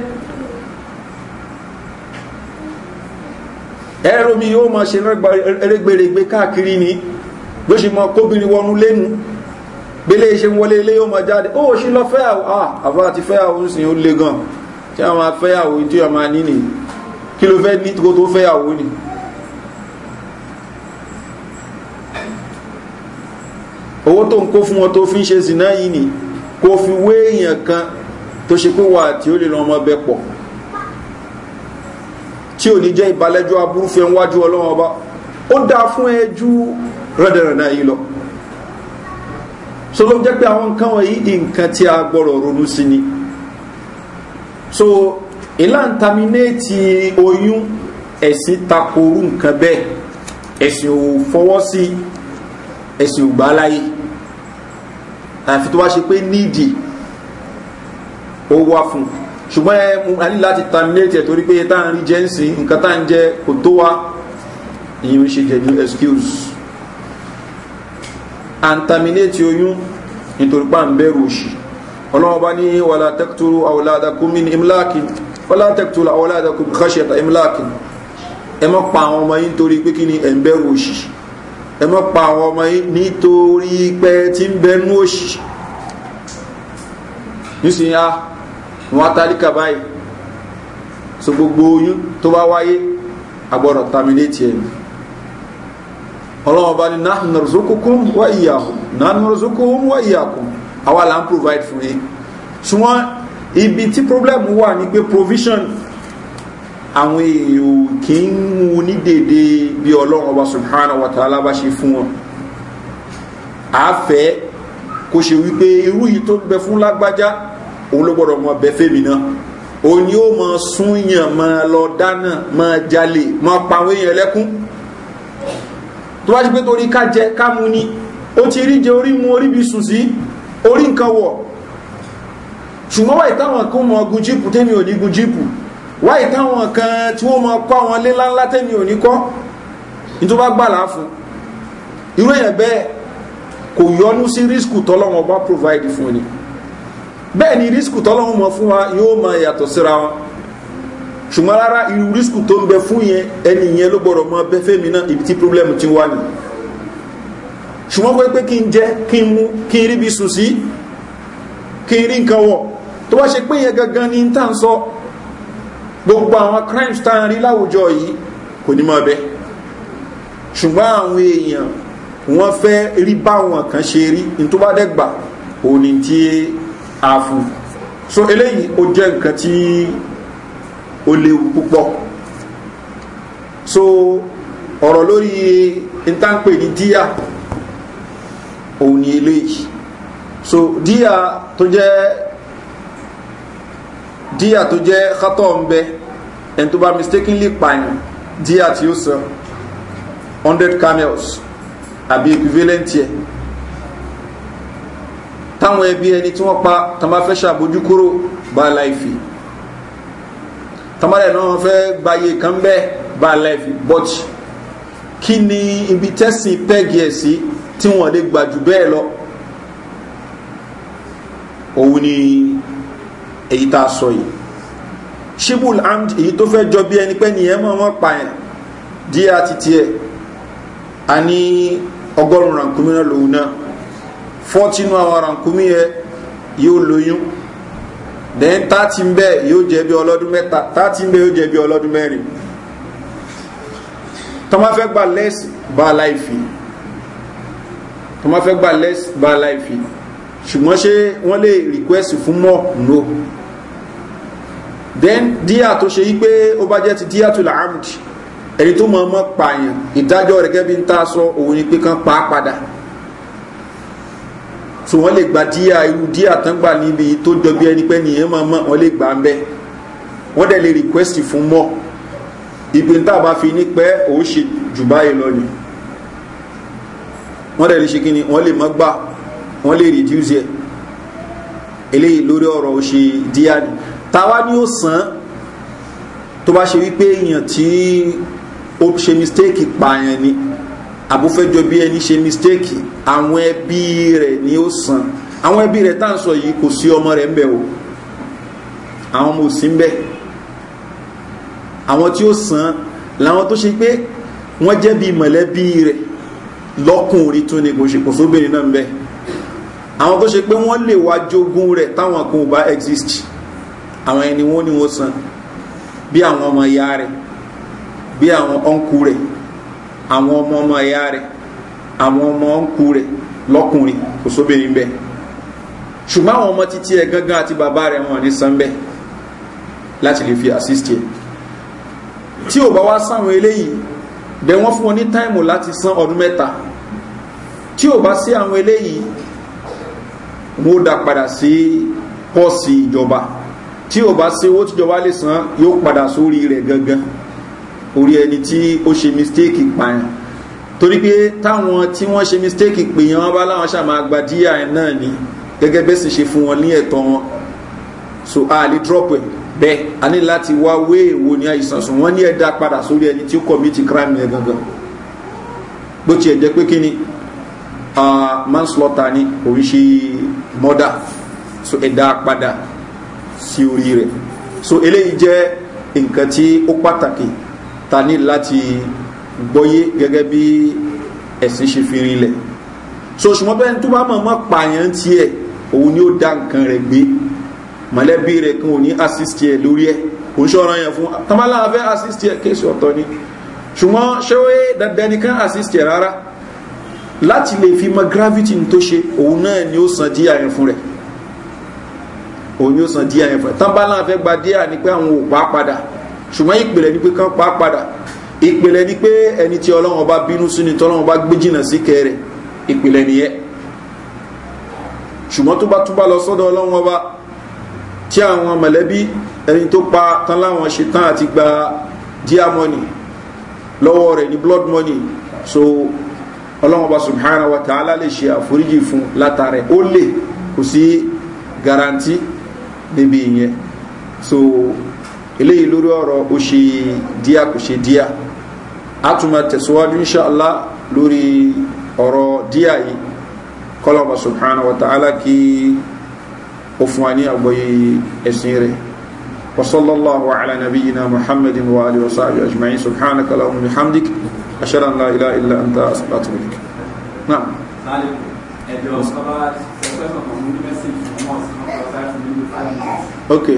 ẹ̀rọ mi yóò máa ṣe rẹ́gbẹ̀rẹ̀gbẹ̀ káàkiri ni. Re, bí ó ṣe mọ kóbìnrin wọnú lẹ́nu bẹ́lẹ̀ ṣe wọlé ilé yóò mọ jáde ó ṣe lọ fẹ́yàwó ah àfa àti fẹ́yàwó ń sìn ó le gan tí a máa fẹ́yàwó tí a máa ní nìyí kí ló fẹ́ ní kó tó fẹ́yàwó ni. owó tó ń kó fún wọn tó fi ń ṣe zìnà yìí ni kó fi wé èèyàn kan tó ṣe pé wà tí ó lè lọ ọmọ bẹ pọ̀ tí ò ní jẹ́ ìbálẹ́jọ́ aburúfẹ́ wájú ọlọ́wọ́n ọba ó dáa fún ẹ rẹ́dẹ̀rẹ̀dà yìí lọ so ló jẹ́ pé àwọn nǹkan wọ̀nyí nǹkan tí a gbọ́rọ̀ ronú sí ni so ìlàntàmínéètì oyún ẹ̀sìn takoru nǹkan bẹ́ẹ̀ ẹ̀sìn ò fọwọ́ sí ẹ̀sìn ò gbà láyé àfi tó wá ṣe pé nídìí ó wá fún un ṣùgbọ́n ẹ mú a ní láti terminate ẹ̀ torí pé tá ń rí jẹ́ǹsì nǹkan tá ń jẹ kò tó wa ìyẹn ń ṣe jẹ̀dú excuse antaminate oyún nítorí pa ń bẹ̀rù òṣì ọlọ́wọ́ bá ní wàlá tẹ́kítúrú àwòládàkùn min imlákin wàlá tẹ́kítúrú àwòládàkùn khashiyata imlákin ẹ má pa àwọn ọmọ yín nítorí pé kí ni ẹ̀ ń bẹ̀rù òṣì ẹ má pa àwọn ọmọ yín nítorí pé tí ń bẹnu òṣì nísìnyí a wọn atálíkà báyìí so gbogbo oyún tó bá wáyé agbọ́dọ̀ terminate ẹ̀ ọlọ́wọ́n bá ní náà nàrùzókòkòm wá ìyàkùn náà nàrùzókòkòm wá ìyàkùn àwa là ń provide fún yín ṣùgbọ́n ibi tí problem wà ní pé provision àwọn èèyàn ò kí ń mú ní dédé bí ọlọ́run ọba subhanahu wa ta'ala bá ṣe fún wọn àáfẹ́ kò ṣe wípé irú yìí tó bẹ fún lágbájá òun ló gbọ́dọ̀ mọ bẹ fèmí náà òun ni ó mọ súnyàn mọ lọ dáná mọ jalè mọ pàwọn èèyàn lẹ́kún tó wá sí pé torí ká jẹ ká mu ni ó ti rí jẹ orí mu orí bi sùn sí orí nǹkan wọ̀ ṣùgbọ́n wáyé táwọn kan mọ gun jíìpù tẹ́mi ò ní gun jíìpù wáyé táwọn kan tí wọ́n mọ kọ́ àwọn lé ńláńlá tẹ́mi ò ní kọ́ ní tó bá gbàlá fún irú èèyàn bẹ́ẹ̀ kò yọnú sí rísíkù tọ́lọ́wọ́n bá provide fún ni bẹ́ẹ̀ ni rísíkù tọ́lọ́wọ́n mọ fún wa yóò mọ yàtọ̀ síra wọn ṣùgbọ́n rárá irú rísíkù tó ń bẹ fún yẹn ẹni yẹn ló gbọ́dọ̀ mọ bẹ́fẹ́ mi náà ibi tí pírọ́blẹ́mù ti wà ní ṣùgbọ́n pé pé kí n jẹ kí n mú kí n rí bí sùn sí kí n rí nǹkan wọ̀ tó wá ṣe pé yẹn gangan ni tá à ń sọ gbogbo àwọn crimes tá à rí láwùjọ yìí kò ní mọ bẹ ṣùgbọ́n àwọn èèyàn wọ́n fẹ́ rí báwọn kan ṣe rí ní tó bá dẹ́gbà òní tí a fún so eléyìí ó jẹ́ nǹkan tí ó léwu púpọ̀ so ọ̀rọ̀ lórí ìtànpè ní díà òun ni eléyìí so díà tó jẹ́ díà tó jẹ́ kátọ̀ ń bẹ ẹni tó bá mistakenly pààyàn díà tí ó san hundred camels àbí equivalent yẹ táwọn ẹbí ẹni tí wọ́n pa tán fẹ́ ṣàbójú kúrò bá láìfi tamalẹ̀ náà fẹ́ gbayé kan bẹ́ẹ̀ bá lẹ́fì but kí ni ibi tẹ́sìn pẹ́gì ẹ̀ sí tí wọ́n lè gbà jù bẹ́ẹ̀ lọ òun ni èyí tá a sọ yìí shibul amd èyí tó fẹ́ jọ bí ẹni pẹ́ nìyẹn mọ́ wọ́n pa yẹn díẹ̀ àti tiẹ̀ a ní ọgọ́rùn-ún rànkúmí náà lòun náà fọ́tínú àwọn rànkúmí yẹ yóò lóyún then thirty ń bẹ yóò jẹ́ bí ọlọ́dún mẹ́ta thirty ń bẹ yóò jẹ́ bí ọlọ́dún mẹ́rin tọ́mọ́ fẹ́ gba less bá láìfi tọ́mọ́ fẹ́ gba less bá láìfi ṣùgbọ́n ṣé wọ́n lè request fún mọ́ no then díà tó ṣe yí pé ó bá jẹ́ ti díà tó làámùdì ẹni tó mọ̀ ọmọ pààyàn ìdájọ́ rẹ̀ gẹ́gẹ́ ń ta sọ òun ni pé kán pa á padà so wọ́n lè gba díà irú díà tán gbà níbi tó jọ bí ẹni pẹ́ nìyẹn mọ̀ mọ̀ wọ́n lè gbà ń bẹ́ wọ́n dẹ̀ lè request fún mọ́ ibi tá a bá fi ní pẹ́ òun ṣe jù báyìí lọ ni wọ́n dẹ̀ lè ṣe kíni wọ́n lè mọ́ gbà wọ́n lè reduce ẹ̀ eléyìí lórí ọ̀rọ̀ ò ṣe díà ni táwa ni ó sàn tó bá ṣe wípé èèyàn tí ó ṣe mistake pààyàn ni àbúfẹ́jọ bí ẹni ṣe mistake àwọn ẹbí rẹ̀ ni ó san àwọn ẹbí rẹ̀ tá à ń sọ yìí kò sí ọmọ rẹ̀ ń bẹ̀ o àwọn ọmọ ò sí ń bẹ̀ àwọn tí ó san làwọn tó ṣe pé wọ́n jẹ́ bí mọ̀lẹ́bí rẹ̀ lọ́kùnrin tún ni kò ṣe kò sóbìnrin náà ń bẹ̀ àwọn tó ṣe pé wọ́n lè wá jogún rẹ̀ táwọn kan ò bá exist àwọn ẹni wọ́n ni wọ́n san bí àwọn ọmọ ìyá rẹ̀ bí àwọn ọ̀nkù rẹ̀ àwọn ọmọ ọmọ ẹ̀yà rẹ̀ àwọn ọmọ ńkú rẹ̀ lọ́kùnrin kò sóbìnrin bẹ́ẹ̀ ṣùgbọ́n àwọn ọmọ títí ẹ̀ gángan àti bàbá rẹ̀ wọn ní san bẹ́ẹ̀ láti lè fi assist ẹ̀ tí ò bá wá sáwọn eléyìí bẹ wọ́n fún wọn ní táìmù láti san ọdún mẹ́ta tí ò bá sí àwọn eléyìí wọ́n dá padà sí pọ́ọ̀sì ìjọba tí ò bá sí owó tíjọba lè san yóò padà sórí rẹ̀ gangan orí ẹni tí ó ṣe mistake pààyàn torí pé táwọn tí wọ́n ṣe mistake pèèyàn wọn bá láwọn ṣàmà agbadíyà náà ni gẹ́gẹ́ bẹ́ẹ̀ sì ṣe fún wọn ní ẹ̀tọ́ wọn so a lè drop ẹ̀ bẹ́ẹ̀ a ní láti wá wé èwo ní àìsàn sùn wọ́n ní ẹ̀dá padà sórí ẹni tí ó commit crime yẹn gangan bó tiẹ̀ jẹ́ pé kí ni manslaughter ni òun ṣe murder so ẹ̀dá padà sí orí rẹ̀ so eléyìí jẹ́ nǹkan tí ó pàtàkì ta ní láti gbọ́yé gẹ́gẹ́ bí ẹ̀sìn ṣe fi rinlẹ̀ so ṣùgbọ́n bẹ́ẹ̀ tó bá mọ̀ọ́mọ́ pààyàn tiẹ̀ òun ni ó dá nǹkan rẹ̀ gbé mọ̀lẹ́bí rẹ̀ kan ò ní assist ẹ̀ lórí ẹ̀ kò ń ṣọ́ra yẹn fún tamala fẹ́ assist ẹ̀ kéèsì ọ̀tọ̀ ni ṣùgbọ́n ṣéwé dandan nìkan assist ẹ̀ rárá láti lè fi mọ gravity tó ṣe òun náà ni ó san díà yẹn fún rẹ̀ òun ni ó san díà yẹn fún rẹ̀ tamala fẹ́ gba díà ni pé àwọn ò bá padà ṣùgbọ́n ìpìlẹ̀ ni pé kán pa padà ìpìlẹ̀ ni pé ẹni tí ọlọ́run ọba bínú sí ni tọ́lọ́run ọba gbé jìnà sí kẹrẹ ìpìlẹ̀ nìyẹn ṣùgbọ́n tó bá túbá lọ sọ́dọ̀ ọlọ́run ọba tí àwọn mọ̀lẹ́bí ẹni tó pa tán láwọn ṣe tán àti gba díà mọ́nì lọ́wọ́ rẹ̀ ní blood money so ọlọ́mọba subhanahu wa ta'ala lè ṣe àforíjì fún látàrẹ ó lè kò sí garanti níbi ìyẹn so eléyìí lórí ọ̀rọ̀ ó ṣe díà kò ṣe díà a tún máa tẹ̀síwájú inṣàlá lórí ọ̀rọ̀ díà yìí kọlọ́ọ̀bà subhanahu wa ta'ala kí ó fún wa ní àgbọ́yé ẹ̀sìn rẹ̀ وصلى الله على نبينا محمد وآله وصحبه أجمعين سبحانك اللهم وبحمدك أشهد أن لا إله إلا أنت أستغفرك نعم Okay.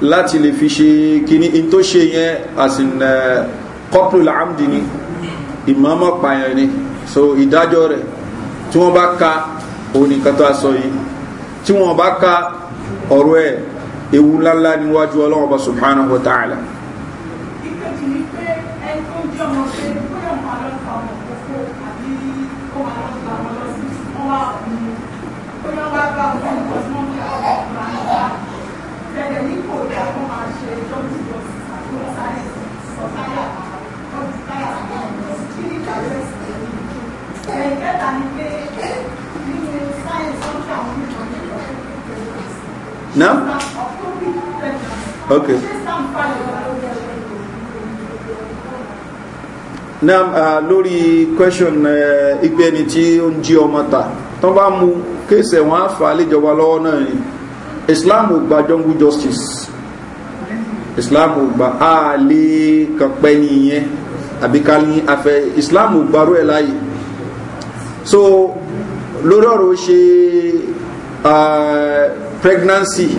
láti lè fi ṣe kíní in tó ṣe yẹn àsìn kọ́pù làmdì ni ìmọ̀ọ́mọ̀ pààyàn ni so ìdájọ́ rẹ̀ tí wọ́n bá ka òun nìkan tó a sọ yìí tí wọ́n bá ka ọ̀rọ̀ ẹ̀ ewu ńláńlá níwájú ọlọ́wọ́n bá subhanahu wa ta'ala. Now? Okay. Now, uh, lórí question uh, ìgbé ẹni tí ó ta tán bá mú kéèsẹ̀ wọn á fà á lọ́wọ́ náà ni Islam ò gba jungle justice Islam ò gba àlè kan pẹ́ nìyẹn àbí ká ní afẹ́ Islam ò gbarú ẹ̀ láàyè so lórí ọ̀rọ̀ ṣe uh, pregnancy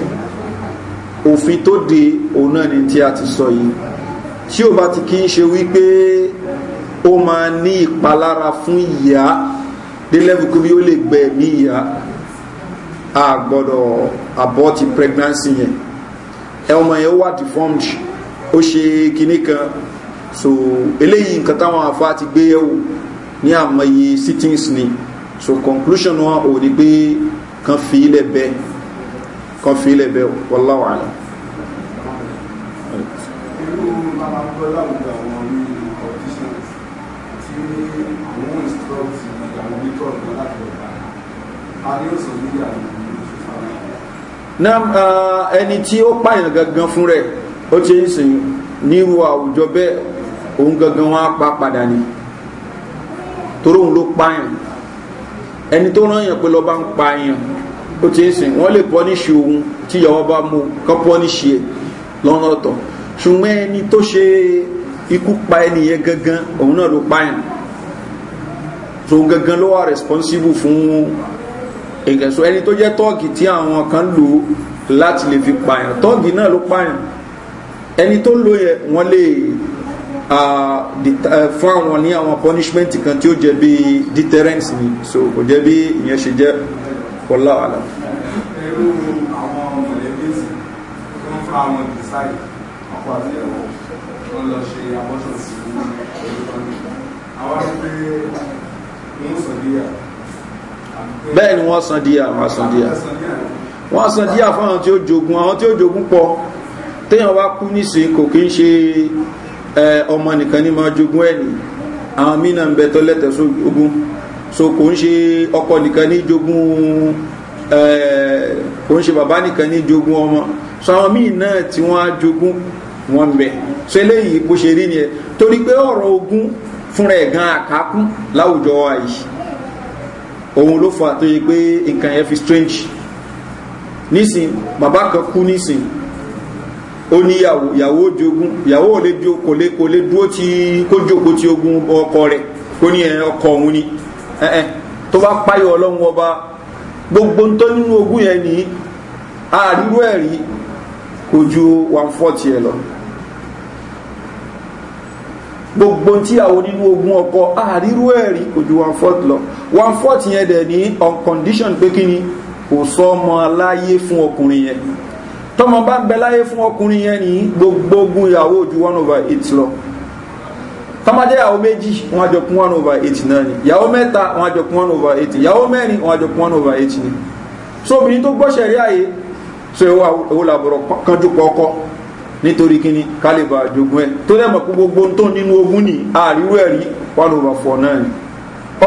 òfin tó de òun náà ni tí a ti sọ yìí tí ó bá ti kí ń ṣe wípé ó máa ní ìpalára fún ìyá délẹ́bùkú bí ó lè gbẹ ẹ̀mí ìyá a gbọ́dọ̀ pregnancy yẹn ẹ ọmọ yẹn ó wà deformed ó ṣe kinní kan so eléyìí nǹkan táwọn afa ti gbé yẹ̀wò ní àmọye sittings ni so conclusion wọn ò ní pé kan fi ilẹ̀ bẹ́ẹ̀ kan fi ilẹ̀ bẹ́ẹ̀ wallahu alam. irú bàbá pẹ́ láwùjọ àwọn ní politicians tí àwọn instruct àwọn bíkọ́ ọ̀gá láti ọ̀gá adéòsàn nígbà náà ẹni tí ó pààyàn gangan fún rẹ̀ ó ti ń sìn níwò àwùjọ bẹ́ẹ̀ òun gangan wọn á pa padà ni torí ló pààyàn ẹni tó rán yàn pé lọ ń pààyàn ó ti ń sìn wọ́n lè pọ́níṣì ohun tí ìyàwó bá mú kọ́ pọ́níṣì ẹ̀ lọ́nà ọ̀tọ̀ ṣùgbọ́n ẹni tó ṣe ikú pa ẹni gangan òun náà ló pààyàn tó gangan ló wà responsible fún èèyàn so ẹni tó jẹ́ tọ́ọ̀gì tí àwọn kan lò láti lè fi pààyàn tọ́ọ̀gì náà ló pààyàn ẹni tó lò yẹ wọ́n lè fún àwọn ní àwọn punishment kan tí ó jẹ́ bí deterrence ni so kò jẹ́ bí ìyẹn ṣe jẹ́ wọlá wàlá. ẹrú àwọn mọ̀lẹ́bí sì tó ń fa àwọn ìdísáì ọkọ̀ àti ẹ̀wọ̀ wọn lọ ṣe abọ́ṣọ̀ sí àwọn pé wọ́n sọ díà. bẹ́ẹ̀ ni wọ́n san díà wọ́n san díà wọ́n san díà fún àwọn tí ó jogun àwọn tí ó jogun pọ̀ téèyàn bá kú nísìnyí kò kí ń ṣe ọmọ nìkan ní máa jogun ẹ̀ ní àwọn mí náà ń bẹ tọ́lẹ́tẹ̀ sógun. So, so kò ń ṣe ọkọ nìkan ní jogún kò ń ṣe bàbá nìkan ní jogún ọmọ so àwọn míì náà tí wọ́n á jogún wọn bẹ̀ so eléyìí bó ṣe rí ni ẹ torí pé ọ̀rọ̀ ogún fúnra ẹ̀ gan àkákún láwùjọ wa òun ló fà tó yẹ pé nǹkan yẹn fi strange nísìn bàbá kan kú nísìn ó ní yàwó yàwó jogún yàwó lè jo kò lè kò lè dúró tí kó jòkó tí ogún ọkọ rẹ̀ kó ní ẹ ọkọ òun ni ẹ̀ẹ́ eh, eh, tó bá páyọ̀ ọlọ́run ọba gbogbo ń tó nínú ogún yẹn ní àrírú ẹ̀rí kò ju 140 ẹ̀ lọ gbogbo tí àwọn nínú ogún ọkọ̀ àrírú ẹ̀rí kò ju 140 lọ 140 yẹn dẹ̀ ní on condition pé kí ni kò sọ ọmọ aláyé fún ọkùnrin yẹn tọmọ bá ń bẹ láyé fún ọkùnrin yẹn ní gbogbo ogún ìyàwó ju 1 over 8 lọ tọ́mọdé yàwó méjì wọn àjọ kún one over eight náà ni yàwó mẹ́ta wọn àjọ kún one over eight yàwó mẹ́rin wọn àjọ kún one over eight ni so obìnrin tó gbọ́ sẹ̀rí àyè so ewu làbọ̀rọ̀ kanjú kọ́kọ́ nítorí kíní kálíbà jogun ẹ tó lẹ́mọ̀ pé gbogbo tó nínú ogun ni àríwú ẹ̀rí one over four náà ni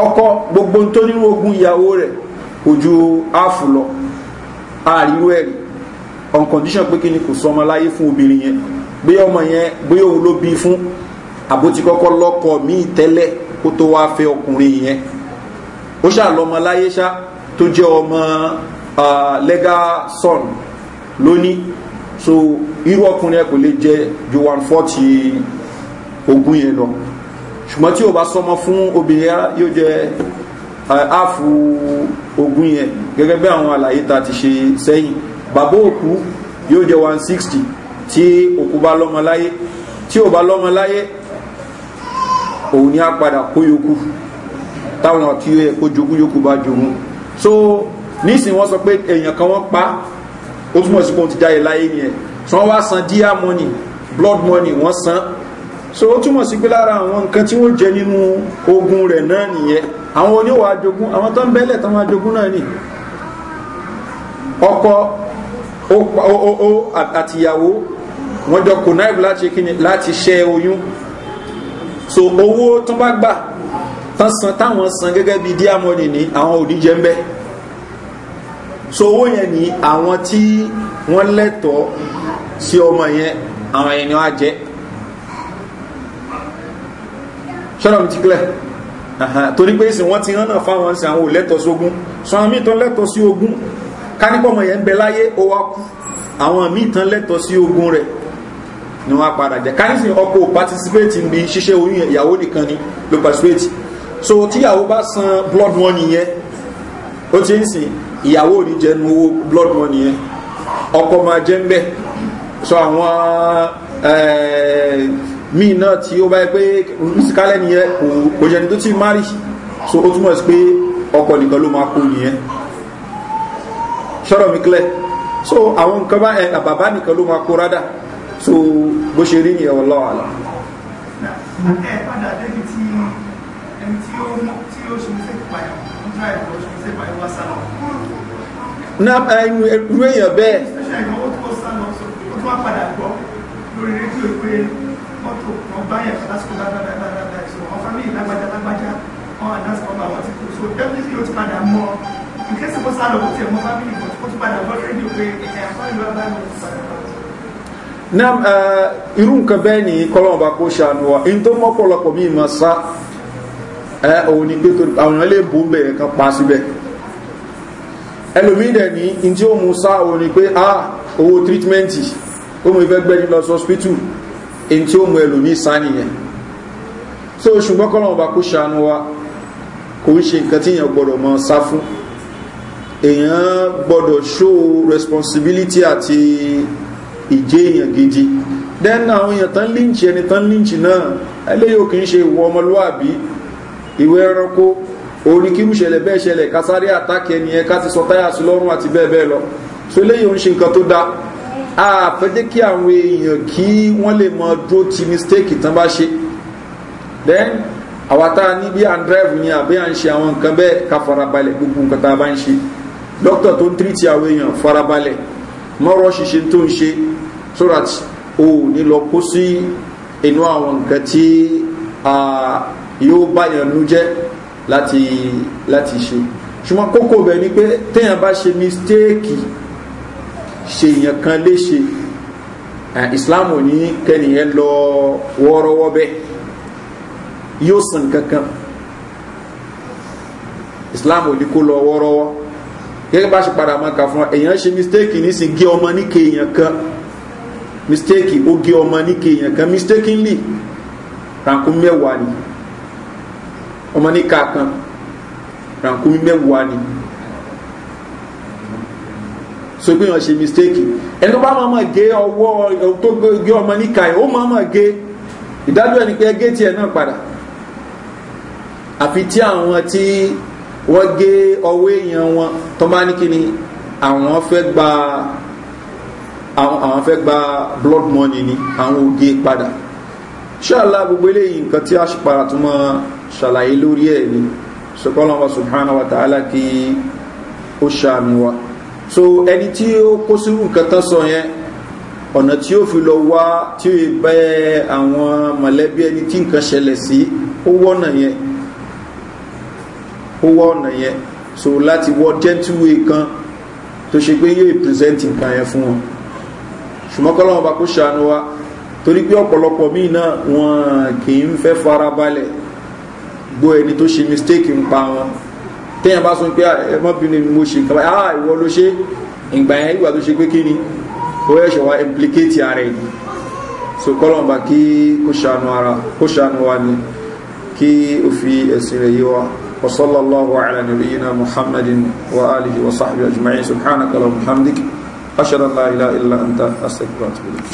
ọkọ gbogbo tó nínú ogun ìyàwó rẹ̀ ojú áàfù lọ àríwú ẹ̀rí on condition pé kíní kò sọmọ láyé fún obìnrin yẹn bí ọmọ yẹn bí òun ló bí fún àbótí kọ́kọ́ lọ́kọ míì tẹ́lẹ̀ kó tó wáá fẹ́ ọkùnrin yẹn ó ṣàlọ́mọ láyé ṣá tó jẹ́ ọmọ legal son lónìí so irú ọkùnrin ẹ kò lè jẹ ju one forty ogún yẹn lọ ṣùgbọ́n tí o bá sọmọ fún obìnrin yóò jẹ áàfù ogún yẹn gẹ́gẹ́ bí àwọn àlàyé ta ti ṣe sẹ́yìn bàbá òkú yóò jẹ one sixty tí òkú bá lọ́mọ láyé tí ò bá lọ́mọ láyé òun ni a padà kó yòókù táwọn àti yóò kó jogún yòókù bá jogún so nísìnyí wọ́n sọ pé èèyàn kan wọ́n pa ó túmọ̀ sí pé òun ti jáde láyé nìyẹn so wọ́n wá san díà money blood money wọ́n san so ó túmọ̀ sí pé lára àwọn nǹkan tí wọ́n jẹ nínú ogun rẹ̀ náà nìyẹn àwọn oníwà jogún àwọn tó ń bẹ́lẹ̀ tó máa jogún náà nì ọkọ àtìyàwó wọ́n jọ kò náà láti ṣe oyún so owó tó bá gbà tán san táwọn san gẹ́gẹ́ bí díàmọ́nì ní àwọn òdíjẹ́ ń bẹ́ so owó yẹn ni àwọn tí wọ́n lẹ́tọ̀ọ́ sí ọmọ yẹn àwọn ẹni wá jẹ́ ṣọ́nà mi ti kílẹ̀ torí pé ìsìn wọ́n ti hàn náà fáwọn ìsìn àwọn òlẹ́tọ̀ sí ogún sọ àwọn míì lẹ́tọ̀ sí ogún kánípọ̀ ọmọ yẹn ń bẹ láyé ó wá kú àwọn míì lẹ́tọ̀ sí ogún rẹ̀ ni wọ́n padà jẹ́ káyísì ọkọ participate níbi ṣíṣe oyún ìyàwó nìkan ni ló participate so tíyàwó bá san blood money yẹn ó ti ń sìn ìyàwó ò ní jẹ nu owó blood money yẹn ọkọ máa jẹ ń bẹ so àwọn míì náà tí ó bá yẹ pé kálẹ̀ nìyẹn kò jẹ́ni tó ti marry so ó túmọ̀ sí pé ọkọ nìkan ló máa kó nìyẹn ṣọ́rọ̀ mi clear so àwọn nǹkan bá ẹ̀ bàbá nìkan ló máa kó rádà so bó ṣe rí nìyẹn wallahu a'lam. àtẹ padà débi tí ẹni tí ó mú tí ó ṣe ṣe pààyàn ó dá ẹ̀kọ́ ṣe ṣe pààyàn wá sálọ. na irú èèyàn bẹ́ẹ̀. ṣe ìnáwó tó sálọ ó tún wá padà gbọ́ lórí rédíò pé mọ́tò wọn bá yẹn lásìkò dáadáa ìṣòro wọn fámìlì lágbájá lágbájá so definitely ó ti padà mọ́ nkesi kó sálọ kó tiẹ̀ mọ́ fámìlì kó tún padà gbọ́ rédíò pé ẹ̀yà fámìlì wa nam eh, irú nǹkan bẹ́ẹ̀ ni kọ́lọ́mọba kó ṣàánú wa in tó mọ́pọ̀lọpọ̀ mí ma sá eh, òun ni pé àwọn èèyàn lè bò ń bẹ̀rẹ̀ kan pa síbẹ̀ ẹlòmídẹ̀ ní in tí ó mú sá òun ni pé a ah, owó tírítímẹ́ǹtì ó mú ìfẹ́ gbẹ́ni lọ sọ́spítù in tí ó mú ẹlòmí sá nìyẹn so ṣùgbọ́n kọ́lọ́mọba kó ṣàánú wa kò ń ṣe nǹkan tí èèyàn gbọ́dọ̀ mọ sá fún èèyàn gbọ́dọ̀ show responsibility àti ìjẹ́ èèyàn gidi dẹ́nà àwọn èèyàn tán lynch ẹni tán lynch náà eléyìí ò kì í ṣe ìwọ ọmọlúwàbí ìwé ẹranko orí kírú ṣẹlẹ̀ bẹ́ẹ̀ ṣẹlẹ̀ kásáré àtàkì ẹni ẹ ká ti sọ táyà sí lọ́rùn àti bẹ́ẹ̀ bẹ́ẹ̀ lọ so tó then àwátá ní bí à ń drive yẹn àbí à ń ṣe àwọn nǹkan bẹ́ẹ̀ ká farabalẹ̀ gbogbo nǹkan àwọn èèyàn farabalẹ̀ mọ́rọ̀ ṣíṣe tó ń ṣe so that o ní lọ kó sí inú àwọn nǹkan tí yóò báyàn nú jẹ́ láti láti ṣe ṣùgbọ́n kókó bẹ̀ ni pé téèyàn bá ṣe mistéèkì ṣe èèyàn kan léṣe islam ò ní kẹ́nìyàn lọ wọ́ọ́rọ́wọ́ bẹ́ẹ̀ yóò sàn kankan islam ò ní kó lọ wọ́ọ́rọ́wọ́ gẹ́gẹ́ bá ṣe padà máa kà fún wa èèyàn ṣe mistake nísìn gé ọmọ níke èèyàn kan mistake ó gé ọmọ níke èèyàn kan mistakenly rankun mẹ́wàá ni ọmọ níka kan rankun mẹ́wàá ni so pé èèyàn ṣe mistake ẹni tó bá máa máa gé ọwọ́ tó gé ọmọ níka yìí ó máa máa gé ìdájọ́ ẹni pé ẹgé tiẹ̀ náà padà àfi tí àwọn tí wọ́n gé ọwọ́ èèyàn wọn tó bá ní kíni àwọn fẹ́ gba àwọn fẹ́ gba blood money ni àwọn ògé padà ṣáàlá gbogbo eléyìí nǹkan tí a ṣe para tó mọ́ ṣàlàyé lórí ẹ̀ ni sọkọ́lọ́ wa subhanahu wa ta'ala kí ó ṣàmì wa so ẹni tí ó kó sírù nǹkan tán sọ yẹn ọ̀nà tí ó fi lọ wá tí ó bẹ́ àwọn mọ̀lẹ́bí ẹni tí nǹkan ṣẹlẹ̀ sí ó wọ́nà yẹn ó wọ́ ọ̀nà yẹn so láti wọ́ gentleman kan tó ṣe pé yóò present nǹkan yẹn fún wọn ṣùgbọ́n kọ́ lọ́wọ́ bá kó ṣàánú wa torí pé ọ̀pọ̀lọpọ̀ míì náà wọn kì í fẹ́ farabalẹ̀ gbọ́ ẹni tó ṣe mistake ń pa wọn téèyàn bá sọ pé ah, ẹ mo ṣe nǹkan báyìí ah ìwọ ló ṣe ìgbà yẹn ìgbà tó ṣe pé kí ni ó yẹ ṣọwọ́ implicate ara ẹ̀ so kọ́ lọ́wọ́ bá kí kó ṣàánú wa ni kí ó fi ẹ̀sìn rẹ̀ yé wa. وصلى الله على نبينا محمد وآله وصحبه أجمعين سبحانك اللهم وبحمدك أشهد أن لا إله إلا أنت أستغفرك إليك